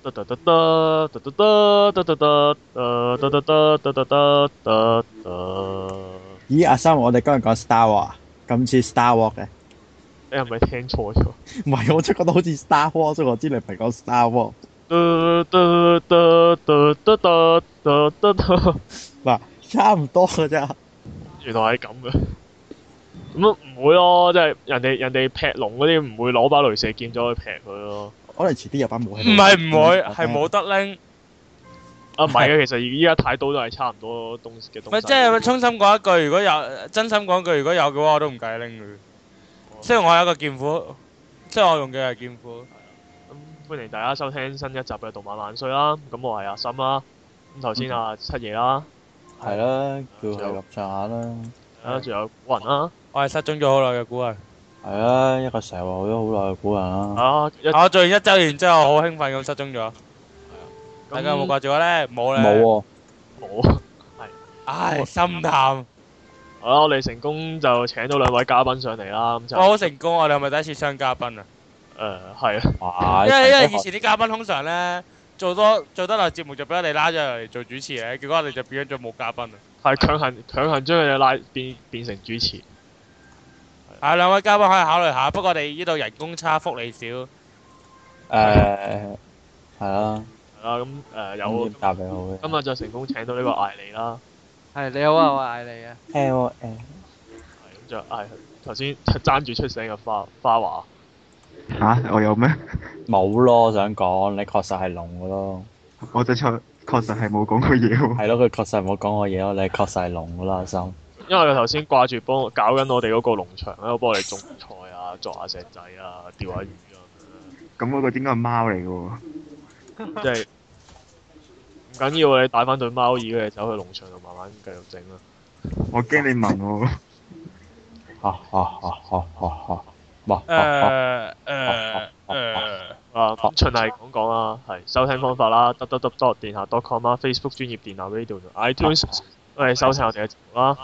咦，阿三，我哋今日講 Star Wars，今次 Star Wars 嘅，你係咪聽錯咗？唔係，我真係覺得好似 Star Wars 啫，我知你唔係講 Star War。嗱，差唔多噶咋？原來係咁噶，咁 唔會咯？即係人哋人哋劈龍嗰啲，唔會攞把雷射劍咗去劈佢咯。可能遲啲有班武器，唔係唔會，係冇得拎。啊唔係啊，其實而家睇到都係差唔多東嘅東西。即係衷心講一句，如果有真心講句，如果有嘅話，我都唔介意拎佢。雖然我係一個劍斧，雖然我用嘅係劍斧。咁歡迎大家收聽新一集嘅動漫萬歲啦！咁我係阿森啦，咁頭先阿七爺啦。係啦，叫有咁渣啦。啊！仲有雲啦。我係失蹤咗好耐嘅古雲。係啊，一個成日話好耐嘅古人啊！啊，我做完一周年之後，好興奮咁失蹤咗。大家有冇掛住我咧？冇咧。冇喎，冇。係，唉，心淡。好啦，我哋成功就請咗兩位嘉賓上嚟啦。咁就我好成功啊！你係咪第一次上嘉賓啊？誒，係啊。因為因為以前啲嘉賓通常咧做多做得耐節目就俾我哋拉咗嚟做主持嘅，結果我哋就變咗做冇嘉賓啦。係強行強行將佢哋拉變變成主持。係兩位嘉賓可以考慮下，不過我哋呢度人工差，福利少。誒、呃，係啦。係啦，咁誒、呃、有，有今日就成功請到呢個艾莉啦。係、嗯、你好你、欸、啊，我艾莉啊。h 我，l 誒。係咁就係頭先爭住出聲嘅花花華。吓？我有咩？冇咯，我想講你確實係聾嘅咯。我的確確實係冇講過嘢。係咯， 佢確實冇講過嘢咯，你確實係聾啦，心。因為佢頭先掛住幫我搞緊我哋嗰個農場咧，我幫我哋種菜啊、捉下石仔啊、釣下魚啊咁嗰個點解係貓嚟嘅？即係唔緊要，你帶翻對貓耳嘅走去農場度，慢慢繼續整啦。我驚你問喎。嚇好好好好好誒誒誒啊！循例講講啦，係收聽方法啦得得得！d o t d o t c o m 啊，Facebook 專業電台 radio 啊，iTunes 都係收聽我哋嘅節目啦。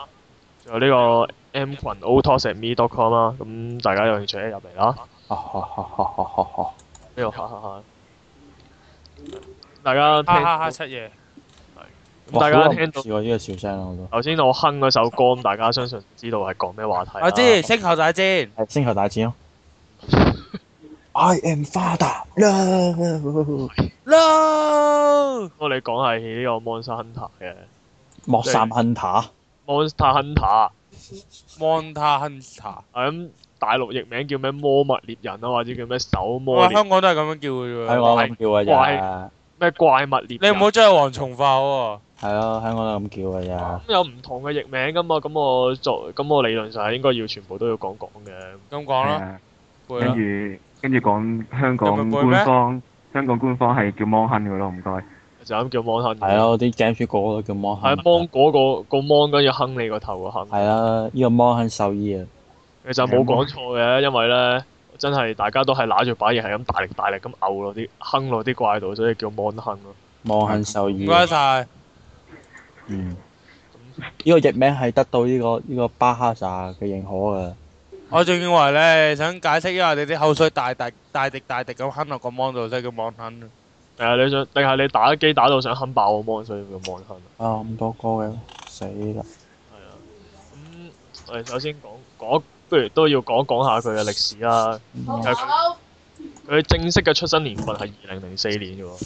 有呢個 M 群 AutoSetMe.com 啦，咁大家有興趣咧，入嚟啦。哦，好好好好好好。呢度，大家，哈哈哈，七爺。大家聽到，呢個笑聲啦，我頭先我哼嗰首歌，咁大家相信知道係講咩話題，我知，星球大戰。星球大戰咯。 I am father 我哋講係呢個 Monster Hunter 嘅。莫三亨塔 Monster Hunter，Monster Hunter 係咁、啊，大陸譯名叫咩魔物獵人啊，或者叫咩守魔人。喂，香港都係咁樣叫嘅喎。喺我咁叫啊怪，怪，咩怪物獵人。你唔好將佢黃從化喎。係啊，香港都咁叫啊，就、嗯。咁有唔同嘅譯名噶嘛？咁、嗯嗯嗯、我作，咁、嗯、我理論上係應該要全部都要講講嘅。咁講啦，跟住跟住講香港官方，香港官方係叫魔亨噶咯，唔該。就咁叫芒坑？係咯，啲殭屍個個都叫芒坑。係啊，芒果嗰個芒，跟住坑你個頭啊坑。係啊，呢個芒坑獸醫啊。其實冇講錯嘅，因為咧真係大家都係拿住把嘢，係咁大力大力咁毆落啲坑落啲怪度，所以叫芒坑咯。芒坑獸醫。唔該晒。嗯。呢個譯名係得到呢個呢個巴哈薩嘅認可噶。我仲認為咧，想解釋，一下你啲口水大滴大滴大滴大滴咁坑落個芒度，所以叫芒坑。係你想定係你打機打到想啃爆個 mon 所以用 mon 啊！咁多歌嘅死啦！係啊，咁我哋首先講講，講，不如都要講講下佢嘅歷史啦。佢、嗯、正式嘅出生年份係二零零四年啫喎。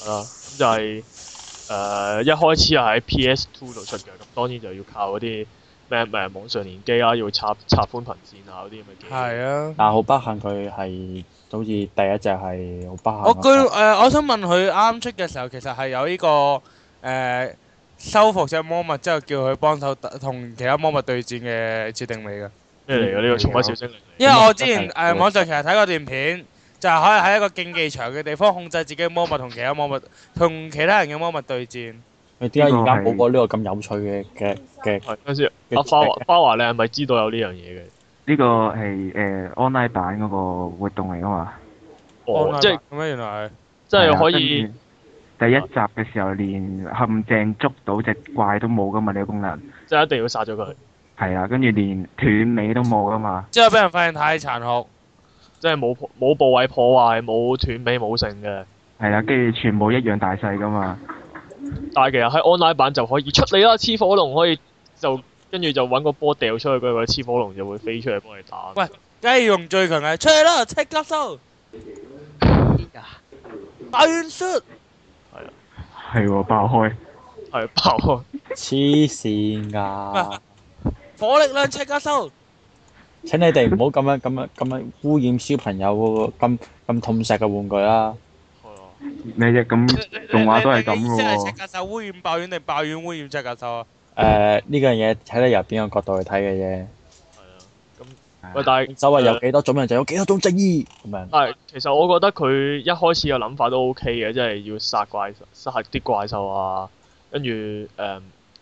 係啦，咁就係、是、誒、呃、一開始係喺 P.S. Two 度出嘅，咁當然就要靠嗰啲咩誒網上連機啊，要插插寬頻線啊嗰啲咁嘅嘢。係啊！的但係好不幸，佢係。好似第一隻係我佢、呃、我想問佢啱出嘅時候，其實係有呢、這個誒、呃、修復隻魔物之後，叫佢幫手同其他魔物對戰嘅設定嚟嘅。咩嚟嘅呢個寵物小精靈？因為我之前誒、呃、網上其實睇過段片，就係、是、可以喺一個競技場嘅地方控制自己嘅魔物同其他魔物同其他人嘅魔物對戰。你點解而家冇播呢個咁有趣嘅嘅嘅？阿花華花華，你係咪知道有呢樣嘢嘅？呢個係誒 online 版嗰個活動嚟啊嘛 o、哦、即係咁？原來即係可以、啊、第一集嘅時候連陷阱捉到隻怪都冇噶嘛？呢個功能即係一定要殺咗佢，係啊，跟住連斷尾都冇噶嘛，即係俾人發現太殘酷，即係冇冇部位破壞，冇斷尾冇剩嘅，係啊，跟住全部一樣大細噶嘛。但係其實喺 online 版就可以出嚟啦，黐火龍可以就。跟住就搵個波掉出去，個個黐火龍就會飛出嚟幫你打。喂，梗係用最強嘅，出去啦！赤甲獸。黐線㗎，爆完出。係啊。係喎，爆開。係爆開。黐線㗎。火力量赤甲獸。請你哋唔好咁樣咁樣咁樣污染小朋友個咁咁痛錫嘅玩具啦。係啊。你只咁動畫都係咁㗎喎。即係赤甲獸污染爆丸定爆丸污染赤甲獸啊？誒呢、呃這個嘢睇你由邊個角度去睇嘅啫？係啊，咁、嗯、喂，但係周圍有幾多種人就有幾多種正義咁樣。但、呃、其實我覺得佢一開始嘅諗法都 OK 嘅，即、就、係、是、要殺怪獸殺啲怪獸啊，跟住誒，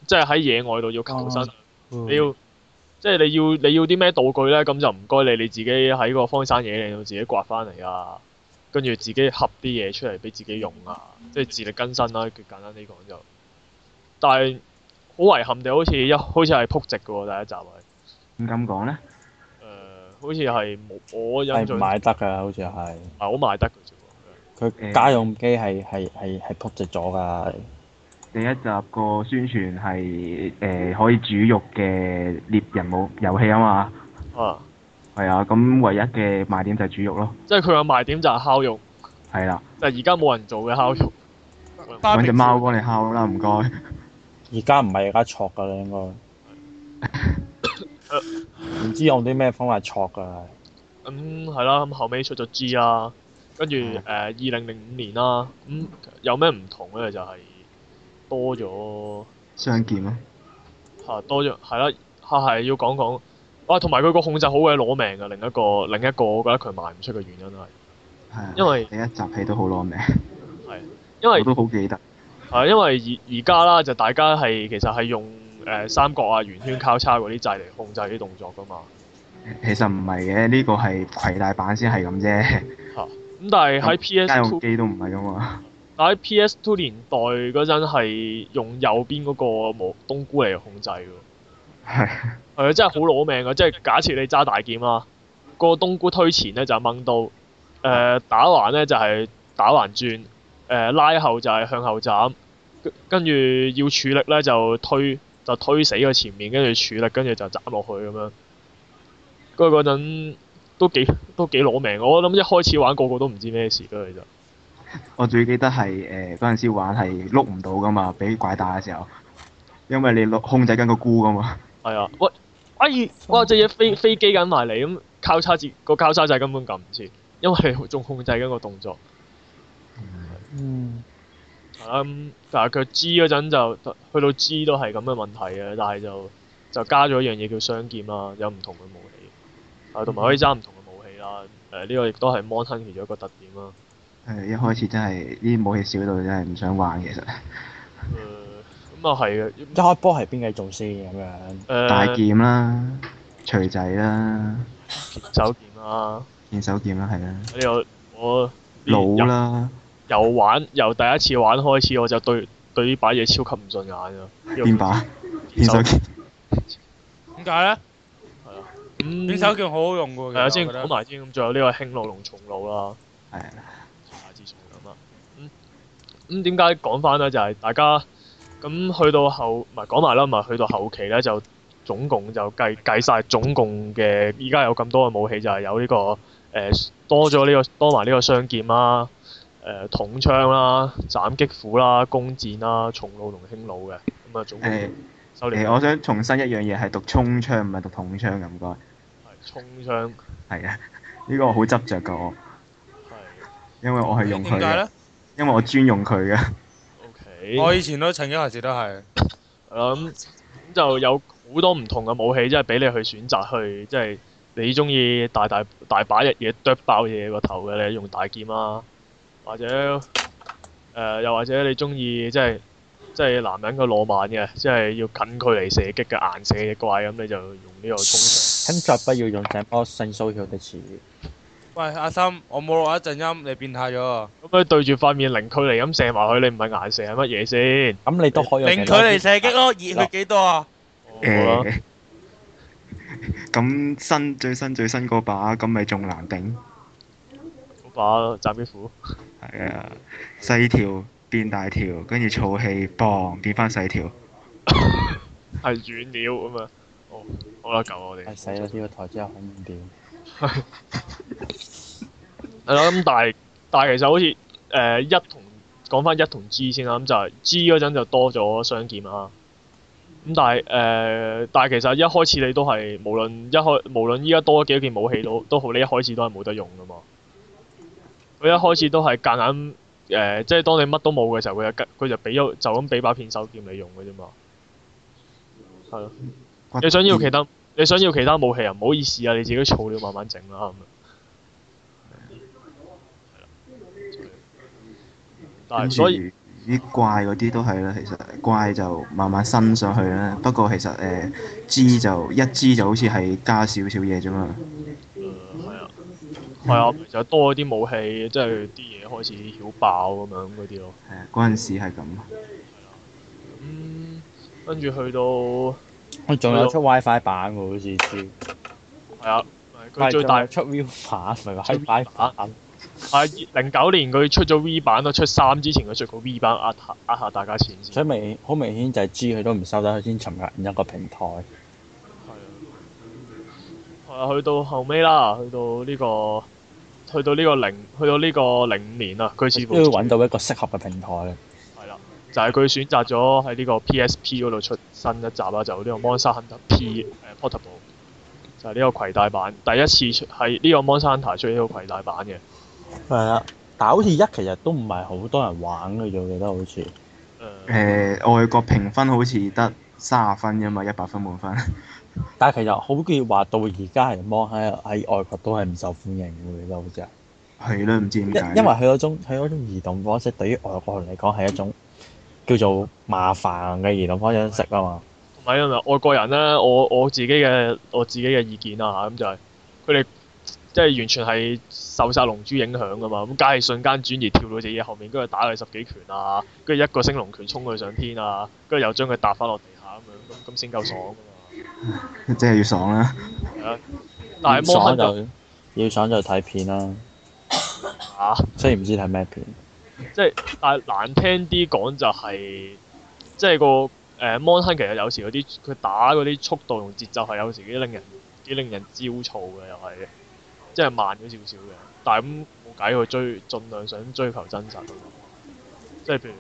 即係喺野外度要求生，啊、你要、嗯、即係你要你要啲咩道具咧？咁就唔該你你自己喺個荒山野嶺度自己刮翻嚟啊，跟住自己合啲嘢出嚟俾自己用啊，即、就、係、是、自力更生啦、啊。簡單啲講就，但係。好遺憾哋，好似一好似係撲直嘅喎，第一集係。點咁講咧？誒，好似係冇我印象。買得嘅，好似係。好賣得嘅。佢家用機係係係係撲直咗㗎。第一集個宣傳係誒可以煮肉嘅獵人武遊戲啊嘛。啊。係啊，咁唯一嘅賣點就係煮肉咯。即係佢嘅賣點就係烤肉。係啦。就而家冇人做嘅烤肉。揾隻貓幫你烤啦，唔該。而家唔係而家錯噶啦，應該。唔 知用啲咩方法錯噶。咁係啦，咁後尾出咗 G 啦。跟住誒二零零五年啦，咁、嗯、有咩唔同咧？就係、是、多咗相劍咯、啊。嚇，多咗係啦，嚇係要講講。哇，同埋佢個控制好鬼攞命噶，另一個另一個，我覺得佢賣唔出嘅原因係。係的。因為。第一集戲都好攞命。係。因為。我都好記得。係、啊，因為而而家啦，就大家係其實係用誒、呃、三角啊、圓圈交叉嗰啲掣嚟控制啲動作噶嘛。其實唔係嘅，呢、呢個係攜帶版先係咁啫。嚇、啊！咁、嗯、但係喺 PS2 家用機都唔係咁嘛。但喺 PS2 年代嗰陣係用右邊嗰個冇冬菇嚟控制㗎。係、 啊。係真係好攞命㗎！即係假設你揸大劍啦，個冬菇推前咧就掹刀，誒、呃、打橫咧就係、係、打橫轉。誒、呃、拉後就係向後斬，跟住要處力咧就推，就推死佢前面，跟住處力，跟住就斬落去咁樣。嗰個嗰陣都幾都幾攞命，我諗一開始玩個個都唔知咩事嗰陣。其實我最記得係誒嗰陣時玩係碌唔到㗎嘛，俾怪打嘅時候，因為你碌，控制緊個菇㗎嘛。係啊，喂！哎，哇！隻嘢飛飛機緊埋嚟，咁交叉掣個交叉掣根本撳唔切，因為仲控制緊個動作。嗯，係啦，但係佢知嗰陣就去到知都係咁嘅問題嘅，但係就就加咗一樣嘢叫雙劍啦，有唔同嘅武器，啊、嗯，同埋可以揸唔同嘅武器啦，誒、呃、呢、這個亦都係 Mon 亨其中一個特點啦、啊。誒、嗯，一開始真係呢啲武器少到真係唔想玩，其實、嗯。咁、就是、 啊係嘅，一開波係邊個做先咁樣？呃、大劍啦，錘仔啦，片手劍啦，片手劍啦係啊。呢、啊啊啊、我老啦。由玩由第一次玩開始，我就對對呢把嘢超級唔順眼啊！邊把？片手劍點解呢？係啊，咁片手劍好好用嘅。係啊對，先講埋先。仲有呢個輕弩同重弩啦。係的啊，天下之重啊嘛。嗯，咁點解講翻呢？就係、是、大家咁去到後唔係講埋啦，唔係去到後期呢，就總共就計計晒，總共嘅。依家有咁多嘅武器，就係、是、有呢、這個誒、呃、多咗呢、這個多埋呢、這個這個、個雙劍啦。誒銅、呃、槍啦、斬擊斧啦、弓箭啦、重弩同輕弩嘅咁啊，總誒誒，我想重申一樣嘢，係讀衝槍唔係讀銅槍咁該。係衝槍。係啊，呢、這個我好執着噶我。係的。因為我係用佢嘅。點解咧？因為我專用佢嘅。O K。我以前都曾經一次都係。咁 咁、嗯、就有好多唔同嘅武器，即係俾你去選擇去，即、就、係、是、你中意大大大，大把日嘢剁爆嘢個頭嘅，你用大劍啦。或者誒，又或者你中意即係即係男人嘅浪漫嘅，即係要近距離射擊嘅，顏射嘅怪咁，你就用呢個功能。請勿不要用這麼性騷擾的詞語。喂，阿森，我冇落一陣音，你變態咗？咁佢對住塊面零距離咁射埋佢，你唔係顏射係乜嘢先？咁你都可以零距離射擊咯，熱血幾多啊？咁新最新最新嗰把咁咪仲難頂？嗰把斬兵斧。係啊，細、yeah. 條變大條，跟住儲氣 bang 變翻細條。係 軟料咁啊哦。好啦，夠我哋。死咗呢個台之後好怖啲。係。係咁，但係但係其實好似誒、呃、一同講翻一同 G 先啦，咁、嗯、就係、是、G 嗰陣就多咗雙劍啊。咁但係誒，但係、呃、其實一開始你都係無論一開無論依家多咗幾多件武器都都好，你一開始都係冇得用噶嘛。佢一開始都係夾硬誒，即係當你乜都冇嘅時候，佢就佢就俾咗就咁俾把片手劍你用嘅啫嘛。係咯。骼你想要其他，你想要其他武器啊？唔好意思啊，你自己儲料慢慢整啦咁啊。但係後所以啲以怪嗰啲都係啦，其實怪就慢慢升上去啦。不過其實誒支、呃、就一支就好似係加少少嘢啫嘛。係啊，就多咗啲武器，即係啲嘢開始曉爆咁樣嗰啲咯。係啊，嗰陣時係咁。係啊，咁跟住去到。我仲有出 WiFi 版喎，好似知。係啊。佢最大，最大出 V 版，係，個 Hi-Fi 版。係零九年佢出咗 V 版咯，an, 出三之前佢出過 V 版呃，an, 壓下壓下大家錢，所以明好明顯就係知，佢都唔收，得，佢先尋日一個平台。係啊。係啊，去到後尾啦，去到呢、這個。去到呢個零，去到呢個零五年啊，佢似乎都要揾到一個適合嘅平台。係啦，就係、是、佢選擇咗喺呢個 PSP 嗰度出新一集啦，就呢、是、個 Monster Hunter P、uh, Portable，就係呢個攜帶版。第一次出係呢個 Monster Hunter 出呢個攜帶版嘅。係啊，但係好似一其實都唔係好多人玩嘅，我記得好似。誒、uh, 呃，外國評分好似得三十分嘅嘛，一百分滿分。 但係其實好嘅話，到而家嚟望喺喺外國都係唔受歡迎嘅，我覺得好似係咯，唔知點解，因因為佢嗰種佢嗰種移動方式，對於外國人嚟講係一種叫做麻煩嘅移動方式啊嘛。唔係啊嘛，外國人咧，我我自己嘅我自己嘅意見啊嚇，咁就係佢哋即係完全係受晒龍珠影響噶嘛。咁梗係瞬間轉移跳到隻嘢後面，跟住打佢十幾拳啊，跟住一個升龍拳衝佢上天啊，跟住又將佢搭翻落地下咁樣，咁先夠爽。 即係要爽啦， 但係 Mon Han 就要爽就睇片啦、啊 啊。嚇！雖然唔知睇咩片，即係但係難聽啲講就係、是，即、就、係、是、個誒、呃、Mon Han 其實有時嗰啲佢打嗰啲速度同節奏係有時幾令人幾令人焦躁嘅又係，即係慢咗少少嘅，但係咁冇計去追，盡量想追求真實。即、就、係、是、譬如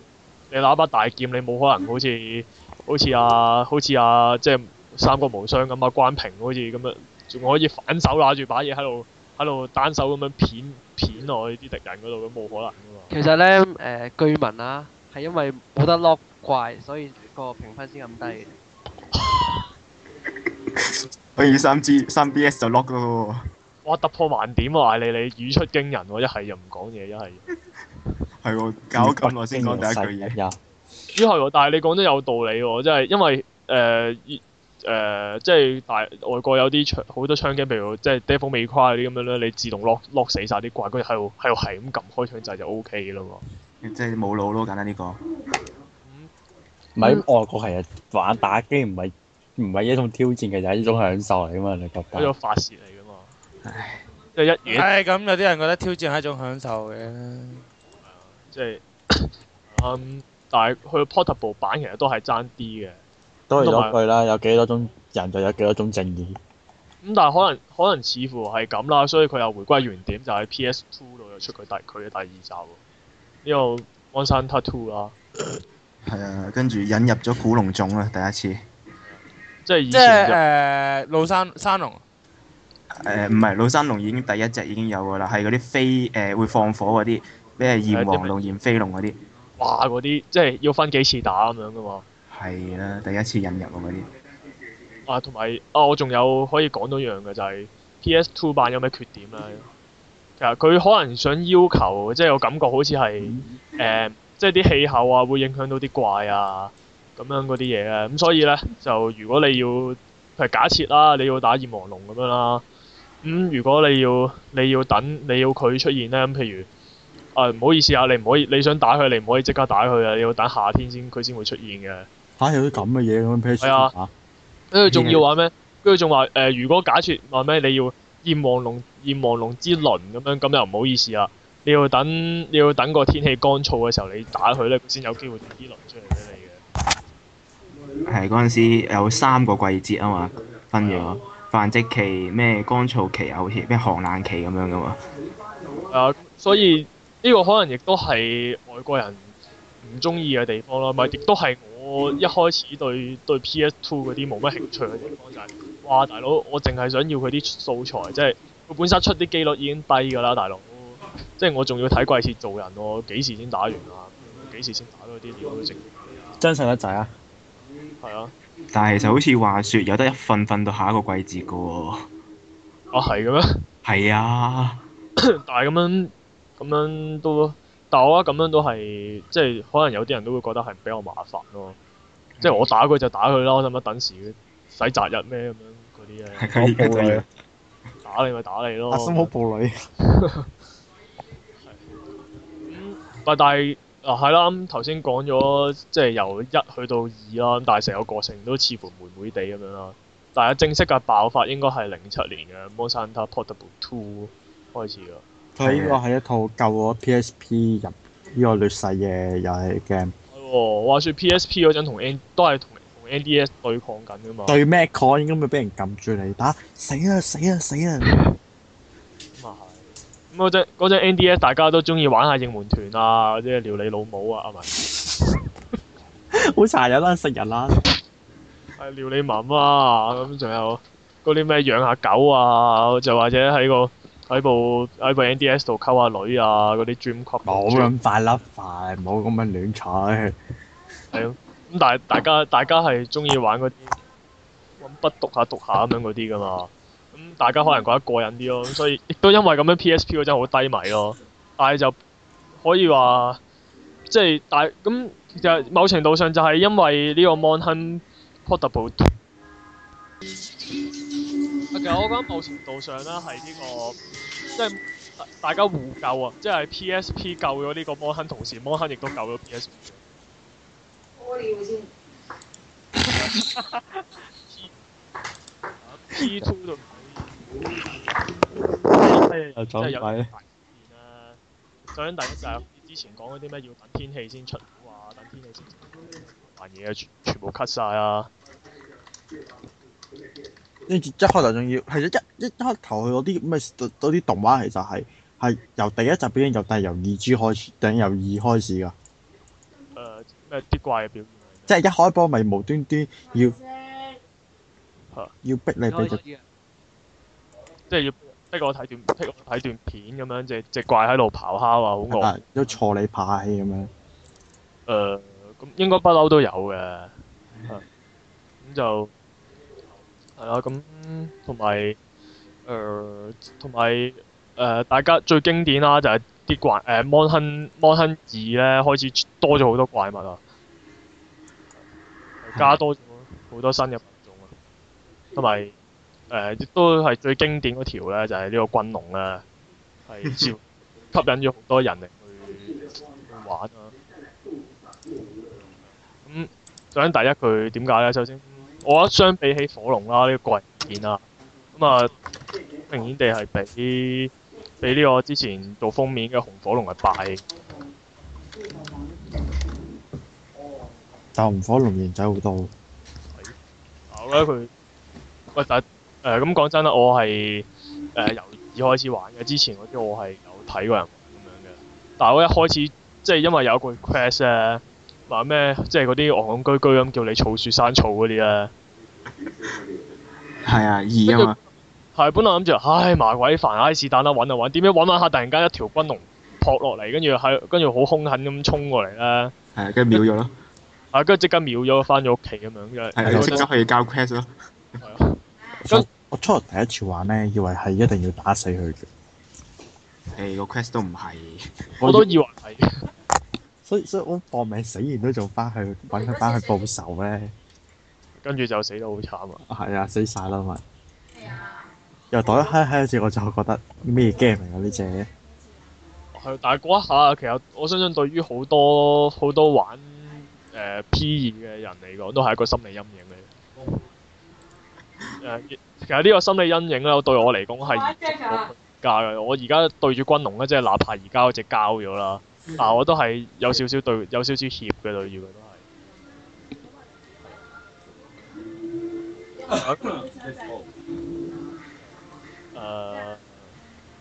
你攞把大劍，你冇可能好似好似啊，好似啊，即係。三國無雙咁啊，關平好似咁樣，仲可以反手拿住把嘢喺度，喺度單手咁樣片片落去啲敵人嗰度，咁冇可能嘅喎。其實咧，誒居民啊，係因為冇得 lock 怪，所以個評分先咁低。可以三 G 三 BS 就 lock 咯喎。哇！突破盲點啊，艾利，你語出驚人喎、啊！一係又唔講嘢，一係。係喎， 搞緊我先講第一句嘢。有。依係喎，但係你講得有道理喎、啊，即係因為誒。呃呃誒、呃，即係大外國有啲槍，好多槍 g 譬如即係 d e f a l t 未跨嗰啲咁樣咧，你自動 lock lock 死晒啲怪，跟住喺度喺度係咁撳開槍就就 O K 啦喎。即係冇腦咯，簡單呢個。唔係、嗯、外國係啊玩打機唔係唔係一種挑戰嘅，就係、是、一種享受嚟嘅嘛，你覺得？一種發泄嚟嘅嘛。唉即係一月。咁、哎，有啲人覺得挑戰係一種享受嘅、嗯，即係、嗯、但係佢 portable 版其實都係爭啲嘅。都係嗰句啦，嗯、有幾多種人就有幾多種正義。咁、嗯、但係可能可能似乎係咁啦，所以佢又回歸原點，就喺 PS Two 度又出佢第佢嘅第二集喎。呢個《荒山 Tattoo》啦，係啊，跟住引入咗古龍種啊，第一次。即係以前，誒，老、呃、山山龍。誒、呃，唔係老山龍已經第一隻已經有噶啦，係嗰啲飛誒會放火嗰啲，咩炎王龍、炎妃龍嗰啲。哇！嗰啲即係要分幾次打咁樣噶嘛？係啦，第一次引入嗰啲啊，同埋啊，我仲有可以講到一樣嘅就係、是、PS2 版有咩缺點啦。其實佢可能想要求，即係我感覺好似係誒，即係啲氣候啊，會影響到啲怪啊咁樣嗰啲嘢啦。咁、嗯、所以咧，就如果你要，譬如假設啦，你要打炎王龍咁樣啦，咁、嗯、如果你要你要等你要佢出現咧，咁譬如啊，唔好意思啊，你唔可以你想打佢，你唔可以即刻打佢呀，你要等夏天先佢先會出現嘅。反正、啊、有啲咁嘅嘢咁樣撇出嚟，跟住仲要話咩？跟住仲話誒，如果假設話咩你要炎黃龍炎黃龍之麟咁樣，咁又唔好意思啦。你要等你要等個天氣乾燥嘅時候，你打佢咧，先有機會啲鱗出嚟俾你嘅。係嗰陣時有三個季節啊嘛，分咗繁殖期、咩乾燥期啊，好似咩寒冷期咁樣噶嘛。係、呃、所以呢、呢個可能亦都係外國人唔中意嘅地方咯、啊，咪亦都係我一開始對對 PS Two 嗰啲冇乜興趣嘅地方就係、是，哇大佬，我淨係想要佢啲素材，即係佢本身出啲機率已經低㗎啦，大佬。即係我仲要睇季節做人喎，幾時先打完打、就是、啊？幾時先打到啲料真實得滯啊！係啊！但係其實好似話説有得一分分到下一個季節㗎、哦、喎。啊係嘅咩？係啊！啊 但係咁樣咁樣都。但我覺得咁樣都係，即係可能有啲人都會覺得係比較麻煩咯。即係我打佢就打佢啦，使乜等時使擇日咩咁樣？嗰啲啊，打你咪打你咯。阿心好暴力。咁，但係啊係啦，咁頭先講咗，即係由一去到二啦，但係成個過程都似乎悶悶地咁樣啦。但係正式嘅爆發應該係零七年嘅《Monster Portable two》開始啊。佢呢個係一套舊嘅 PSP 入呢個劣勢嘅遊戲 game。哦，話說 PSP 嗰陣同 N 都係同同 NDS 對抗緊噶嘛？對咩抗？應該咪俾人撳住嚟打死啦死啦死啦！咁啊係。咁嗰陣 NDS 大家都中意玩下應援團啊，或者撩你老母啊，係咪？好 殘忍啦，食人啦！係撩你媽媽啊，咁仲、啊 哎啊、有嗰啲咩養下狗啊，就或者喺個。喺部喺部 NDS 度溝下女啊，嗰啲 Dream Club 冇咁快甩、啊，唔冇咁樣亂踩。 係咯，咁但係大家大家係中意玩嗰啲揾筆讀下讀下咁樣嗰啲噶嘛。咁大家可能覺得過癮啲咯，所以亦都因為咁樣 PSP 嗰陣好低迷咯、哦。但係就可以話，即係大咁其實某程度上就係因為呢個 Mon Han、oh、portable。其實我覺得某程度上咧係呢個。即係大大家互救啊！即係 PSP 救咗呢個摩亨，同時摩亨亦都救咗 PSP。我要先。P two 度睇。又裝底。即係有排先啦。講緊第一集之前講嗰啲咩要等天氣先出，啊，等天氣先出、啊，扮嘢啊，全全部 cut 晒啊！跟住一開頭仲要係一一一開頭佢嗰啲咩嗰啲動畫其實係係由第一集表現，由但係由二 G 開始，定由二開始㗎。誒咩啲怪嘅表現？即係一開波咪無端端要、啊、要逼你繼續，即係要逼我睇段逼我睇段片咁樣，即係隻怪喺度咆哮啊，好惡都坐你排起咁樣。誒咁、呃、應該不嬲都有嘅。嚇、啊、咁就。係啦，咁同埋誒，同埋誒，大家最經典啦，就係啲怪 m 誒《魔亨魔亨二》咧，開始多咗好多怪物啊， 加多咗好多新嘅品種啊，同埋亦都係最經典嗰條咧，就係、是、呢個軍龍啊，係吸引咗好多人嚟 去玩啊。咁，想第一句點解咧？首先我一相比起火龍啦呢、這個、個人片啊，咁啊明顯地係比比呢個之前做封面嘅紅火龍係霸氣，但紅火龍型仔好多一但我。我覺得佢喂但，誒咁講真啦，我係誒、呃、由二開始玩嘅，之前嗰啲我係有睇過人咁樣嘅，但係我一開始即係、就是、因為有一個、Re、quest 話咩？即係嗰啲戇戇居居咁叫你草樹生草嗰啲咧，係啊，易啊嘛。係，本來諗住，唉，麻鬼煩，唉，是但啦，揾就玩，點知玩，玩下，突然間一條軍龍撲落嚟，跟住喺，跟住好兇狠咁衝過嚟啦。係啊，跟住秒咗咯。係啊，跟住即刻秒咗，翻咗屋企咁樣，即係即刻去交 quest 咯。我初第一次玩呢，以為係一定要打死佢嘅。係，個 quest 都唔係。我都以為係。所以所以，所以我搏命死完都仲翻去揾佢翻去報仇咩？跟住就死得好慘啊！係啊，啊，死晒啦嘛！啊、又袋一閪閪字，我就覺得咩 game 嚟嘅呢隻？係、啊，但係嗰一下其實，我相信對於好多好多玩誒、呃、P 二嘅人嚟講，都係一個心理陰影嚟嘅。誒、 呃，其實呢個心理陰影咧，對我嚟講係冇加嘅。我而家對住軍龍咧，即係哪怕而家嗰隻交咗啦。嗱、啊，我都係有少少對，有少少怯嘅。對，如果都係。誒，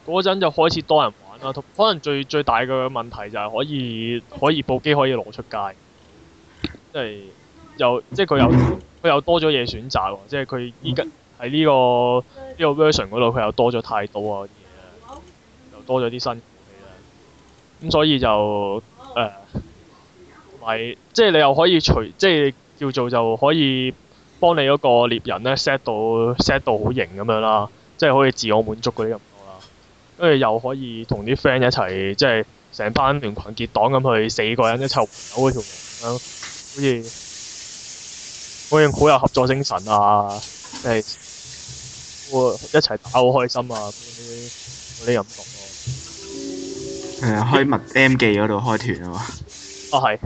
嗰陣就開始多人玩啦，可能最最大嘅問題就係可以可以部機可以攞出街，即係又即係佢又佢又多咗嘢選擇喎，即係佢依家喺呢個呢、呢個 version 嗰度，佢又多咗太多啊啲嘢，又多咗啲新。咁、嗯、所以就誒，係、呃，即係你又可以除，即係叫做就可以幫你嗰個獵人咧 set 到 set 到好型咁樣啦，即係可以自我滿足嗰啲咁多啦，跟住又可以同啲 friend 一齊即係成班連群結黨咁去四個人一齊走嗰條路咁，好似好似好有合作精神啊，即係會一齊打好開心啊嗰啲嗰啲咁多。誒開密 M 記嗰度開團啊嘛！哦，係、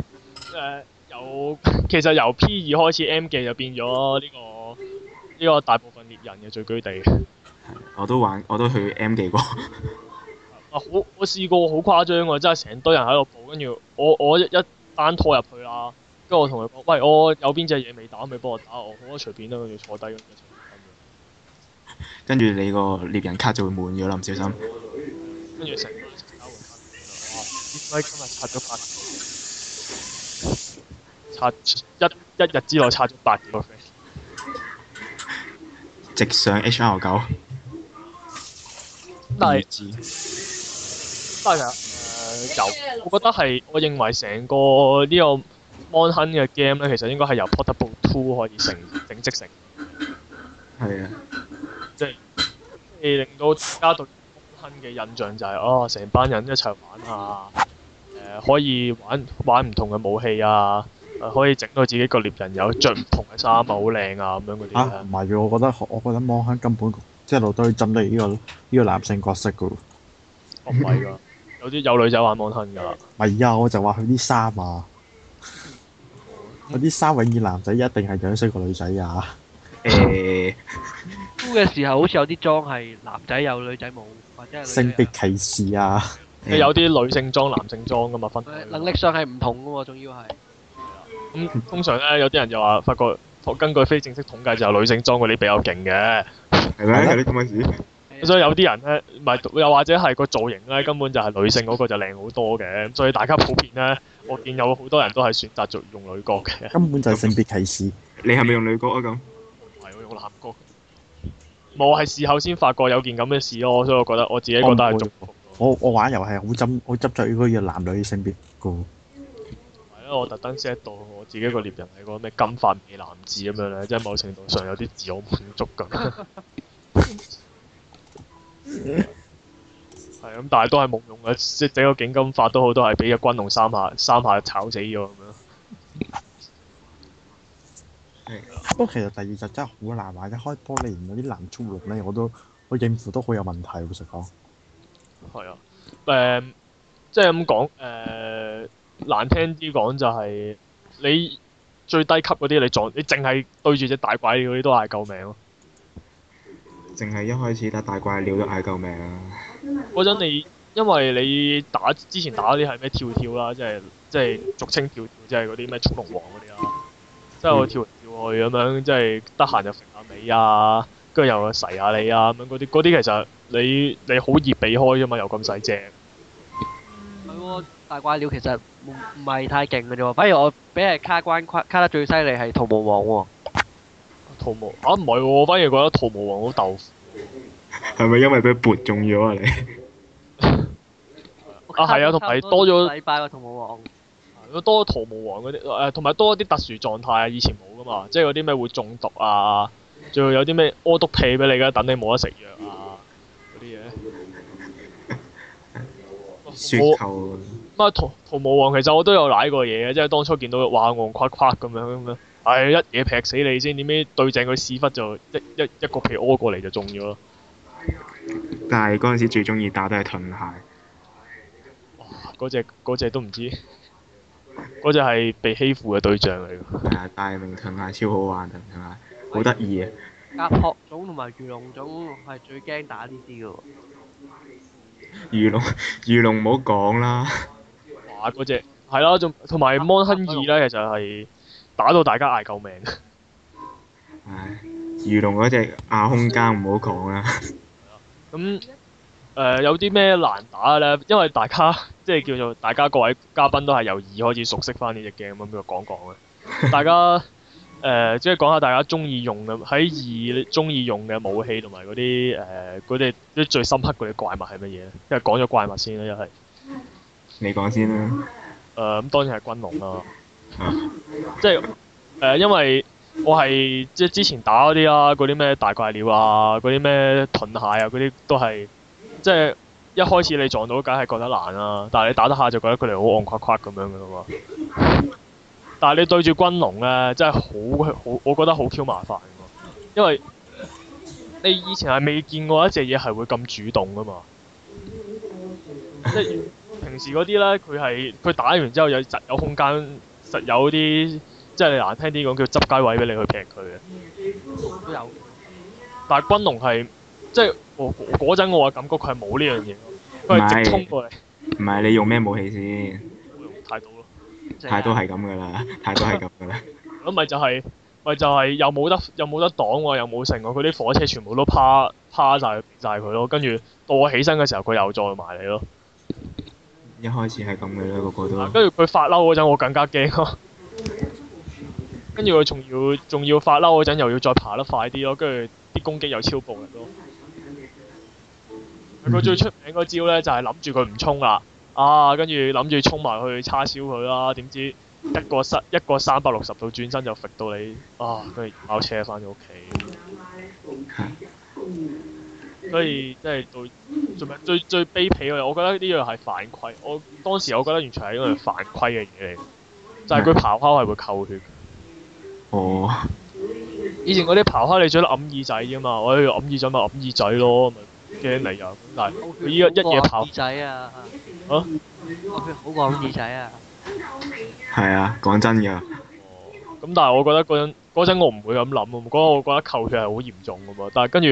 呃，誒有其實由 P 二開始 M 記就變咗呢、呢個呢、呢個大部分獵人嘅聚居地。我都玩，我都去 M 記過。 啊好！我試過好誇張喎，真係成堆人喺度跑，跟住我我一,一單拖入去啦，跟住我同佢講：喂，我有邊隻嘢未打，咪幫我打我，好，我隨便啦，跟住坐低咁樣。跟住你個獵人卡就會滿咗啦，唔小心。跟住成。點解今日刷咗八？刷一一日之內刷咗八個 friend，直上 H L 九。但係，但係其實誒有，我覺得係，我認為成個呢個《Minecraft》嘅 game 咧，其實應該係由 Portable Two 可以成整積成。係啊，即係令到而家對。嘅印象就係、是、哦，成班人一齊玩下、啊，誒、呃、可以玩玩唔同嘅武器啊，呃、可以整到自己個獵人有著唔同嘅衫啊，好靚啊咁樣嗰啲啊。唔係嘅，我覺得我覺得網亨根本即係對針對呢個呢、這個男性角色嘅喎。唔係㗎，有啲有女仔玩網亨㗎。唔係啊，我就話佢啲衫啊，佢啲衫永遠男仔一定係樣衰過女仔啊。誒。 嘅時候好似有啲裝係男仔有女仔冇，或者係性別歧視啊！有啲女性裝、男性裝噶嘛分，能力上係唔同噶嘛，仲要係。咁通常咧，有啲人就話，發覺根據非正式統計就係女性裝嗰啲比較勁嘅，係咪？有啲咁嘅事。所以有啲人咧，唔係又或者係個造型咧，根本就係女性嗰個就靚好多嘅。所以大家普遍咧，我見有好多人都係選擇用女角嘅。根本就係性別歧視。你係咪用女角啊？咁？唔係我用男角。冇，係事後先發覺有件咁嘅事咯，所以我覺得我自己覺得係足。我我玩遊戲係好執好執著於嗰個男女性別噶。係啊，我特登 set 到我自己個獵人係個咩金髮美男子咁樣咧，即係某程度上有啲自我滿足咁。係 咁，但係都係冇用嘅，即係整個警金髮都好，多係俾個軍龍三下三下炒死咗咁樣。 不過其實第二集真係好難玩，一開波你連啲難速龍咧，我都我應付都好有問題。老實講，係啊，誒、啊呃，即係咁講，誒、呃，難聽啲講就係、是、你最低級嗰啲，你撞你淨係對住隻大怪鳥嗰啲都嗌救命咯。淨係一開始打大怪鳥都嗌救命啊！嗰陣、啊、你因為你打之前打啲係咩跳跳啦，即係即係俗稱跳跳，即係嗰啲咩速龍王嗰啲啦，即係我跳。嗯咁樣，即係得閒就食下，啊、你啊，跟住又洗下，啊、你啊，咁樣嗰啲啲其實你你好易避開啫嘛，又咁細隻。唔喎，哦，大怪鳥其實唔唔係太勁嘅啫，反而我俾人卡關卡，卡得最犀利係圖姆王喎，哦。圖姆啊，唔係喎，我反而覺得圖姆王好豆腐，係咪因為佢撥中咗啊你？啊係啊，同埋，啊啊啊啊，多咗。禮拜個圖姆王。多個《圖姆王》嗰啲，誒同埋多啲特殊狀態啊！以前冇噶嘛，即係嗰啲咩會中毒啊，仲有啲咩屙督屁俾你嘅，等你冇得食藥啊嗰啲嘢。雪球頭。唔係、啊《圖圖姆王》，其實我都有舐過嘢嘅，即係當初見到佢話誇誇咁樣咁樣，唉、哎、一嘢劈死你先，點知對正個屎忽就一一一,一個屁屙過嚟就中咗。但係嗰陣時最中意打都係盾鞋。嗰隻只都唔知。嗰隻係被欺負嘅對象嚟㗎。係啊，大明騰蟹超好玩啊，明騰蟹好得意啊。甲殼種同埋魚龍種係最驚打呢啲㗎喎。魚龍魚龍唔好講啦。啊！嗰隻係囉，仲同埋摩亨二咧，其實係打到大家嗌救命。唉，魚龍嗰隻亞空間唔好講啦。咁。誒、呃，有啲咩難打咧？因為大家即係叫做大家各位嘉賓都係由二開始熟悉翻呢隻 game，咁啊，講講啊， 大家誒，即係講下大家中意用嘅，喺二中意用嘅武器同埋嗰啲誒，嗰啲啲最深刻嗰啲怪物係乜嘢？因為講咗怪物先啦，一係你講先啦。誒、呃，咁當然係軍龍啦，即係誒，因為我係即係之前打嗰啲啊，嗰啲咩大怪鳥啊，嗰啲咩盾蟹啊，嗰啲都係。即係一開始你撞到，梗係覺得難啦，啊。但係你打得下就覺得佢哋好戇垮垮咁樣噶嘛。但係你對住軍龍咧，真係好好，我覺得好 Q 麻煩。因為你以前係未見過一隻嘢係會咁主動噶嘛。即係平時嗰啲咧，佢係佢打完之後有實有空間，實有啲即係你難聽啲講叫執街位俾你去劈佢嘅。都有。但係軍龍係。即係我嗰陣，我係感覺佢係冇呢樣嘢，佢係直衝過嚟。唔係你用咩武器先？我用太刀咯。太刀係咁㗎啦，太刀係咁㗎啦。咁咪就係，咪就係又冇得又冇得擋喎，又冇成喎。佢啲火車全部都趴趴曬，曬佢咯。跟住到我起身嘅時候，佢又再埋嚟咯。一開始係咁嘅啦，個個都。跟住佢發嬲嗰陣，我更加驚。跟住佢仲要仲要發嬲嗰陣，又要再爬得快啲咯。跟住啲攻擊又超暴力咯。佢最出名嗰招呢，就係諗住佢唔衝啊。啊跟住諗住衝埋去叉燒佢啦，點知一個三一個三百六十度轉身就揈到你啊，跟住跑車翻咗屋企。嗯、所以即係最最最最卑鄙嗰，我覺得呢樣係犯規。我當時我覺得完全係一個犯規嘅嘢嚟，就係、是、佢咆哮係會扣血。哦、嗯。以前嗰啲咆哮你最多揞耳仔噶嘛，我喺度揞耳仔咪揞耳仔咯。驚嚟、嗯、但嚟！佢依家一夜跑，仔啊！嚇？佢好講耳仔啊！係啊，講真㗎。咁但係我覺得嗰陣，嗰陣我唔會咁諗啊！嗰個我覺得扣血係好嚴重㗎嘛，但係跟住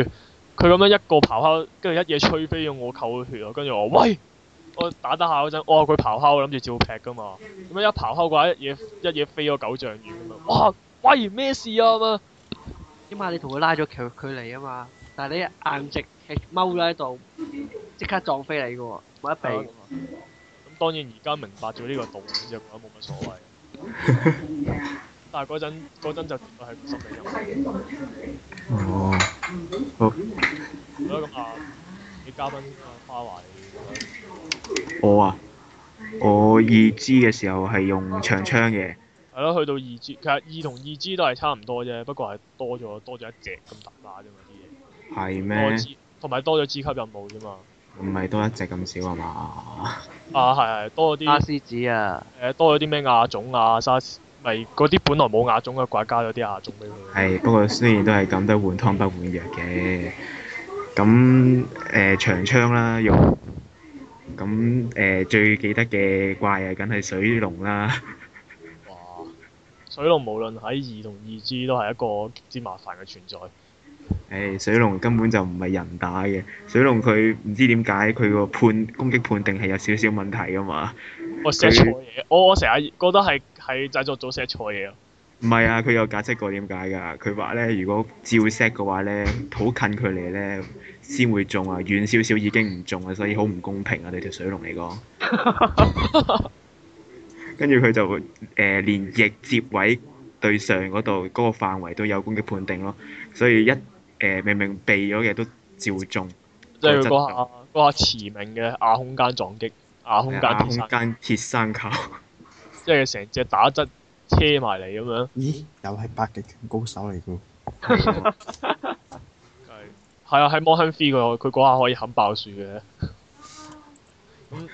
佢咁樣一個咆哮，跟住一嘢吹飛咗我扣嘅血啊！跟住我喂，我打得下嗰陣，哇、哦！佢咆哮，我諗住照劈㗎嘛。咁樣一咆哮嘅話，一嘢一嘢飛咗九丈遠啊！哇！喂，咩事啊嘛？起、啊、碼你同佢拉咗距離啊嘛，但係你硬直。踎咗喺度，即刻撞飛你噶喎，冇得避。咁當然而家明白咗呢個道理之後，冇乜所謂。但係嗰陣嗰陣就絕對係十幾人。哦，好。係咯，咁啊，啲嘉賓花華你？我啊，我二支嘅時候係用長槍嘅。係咯，去到二支，其實二同二支都係差唔多啫，不過係多咗多咗一隻咁大把啫嘛啲嘢。係咩？同埋多咗 G 級任務啫嘛，唔係多一隻咁少係嘛？啊係，多咗啲亞獅子啊，誒多咗啲咩亞種啊？沙，咪嗰啲本來冇亞種嘅怪加咗啲亞種俾佢。係，不過雖然都係咁，都換湯不換藥嘅。咁誒、呃、長槍啦用，咁誒、呃、最記得嘅怪係梗係水龍啦。哇！水龍無論喺二同二 G 都係一個極之麻煩嘅存在。誒、欸，水龍根本就唔係人打嘅，水龍佢唔知點解佢個判攻擊判定係有少少問題噶嘛！我 set 錯嘢他，我我成日覺得係係製作組寫錯嘢啊！唔係啊，佢有解釋過點解噶？佢話咧，如果照 set 嘅話咧，好近距離咧先會中啊，遠少少已經唔中啊，所以好唔公平啊！對條水龍嚟講， 跟住佢就誒、呃、連翼接位對上嗰度嗰個範圍都有攻擊判定咯，所以一。誒、呃、明明避咗嘅都照中，即係嗰下嗰下馳名嘅亞空間撞擊，亞空間空間鐵山靠，即係成隻打側車埋嚟咁樣。咦？又係八極拳高手嚟㗎喎！係 啊，喺摩香 free 嗰個，佢嗰、oh、下可以冚爆樹嘅。咁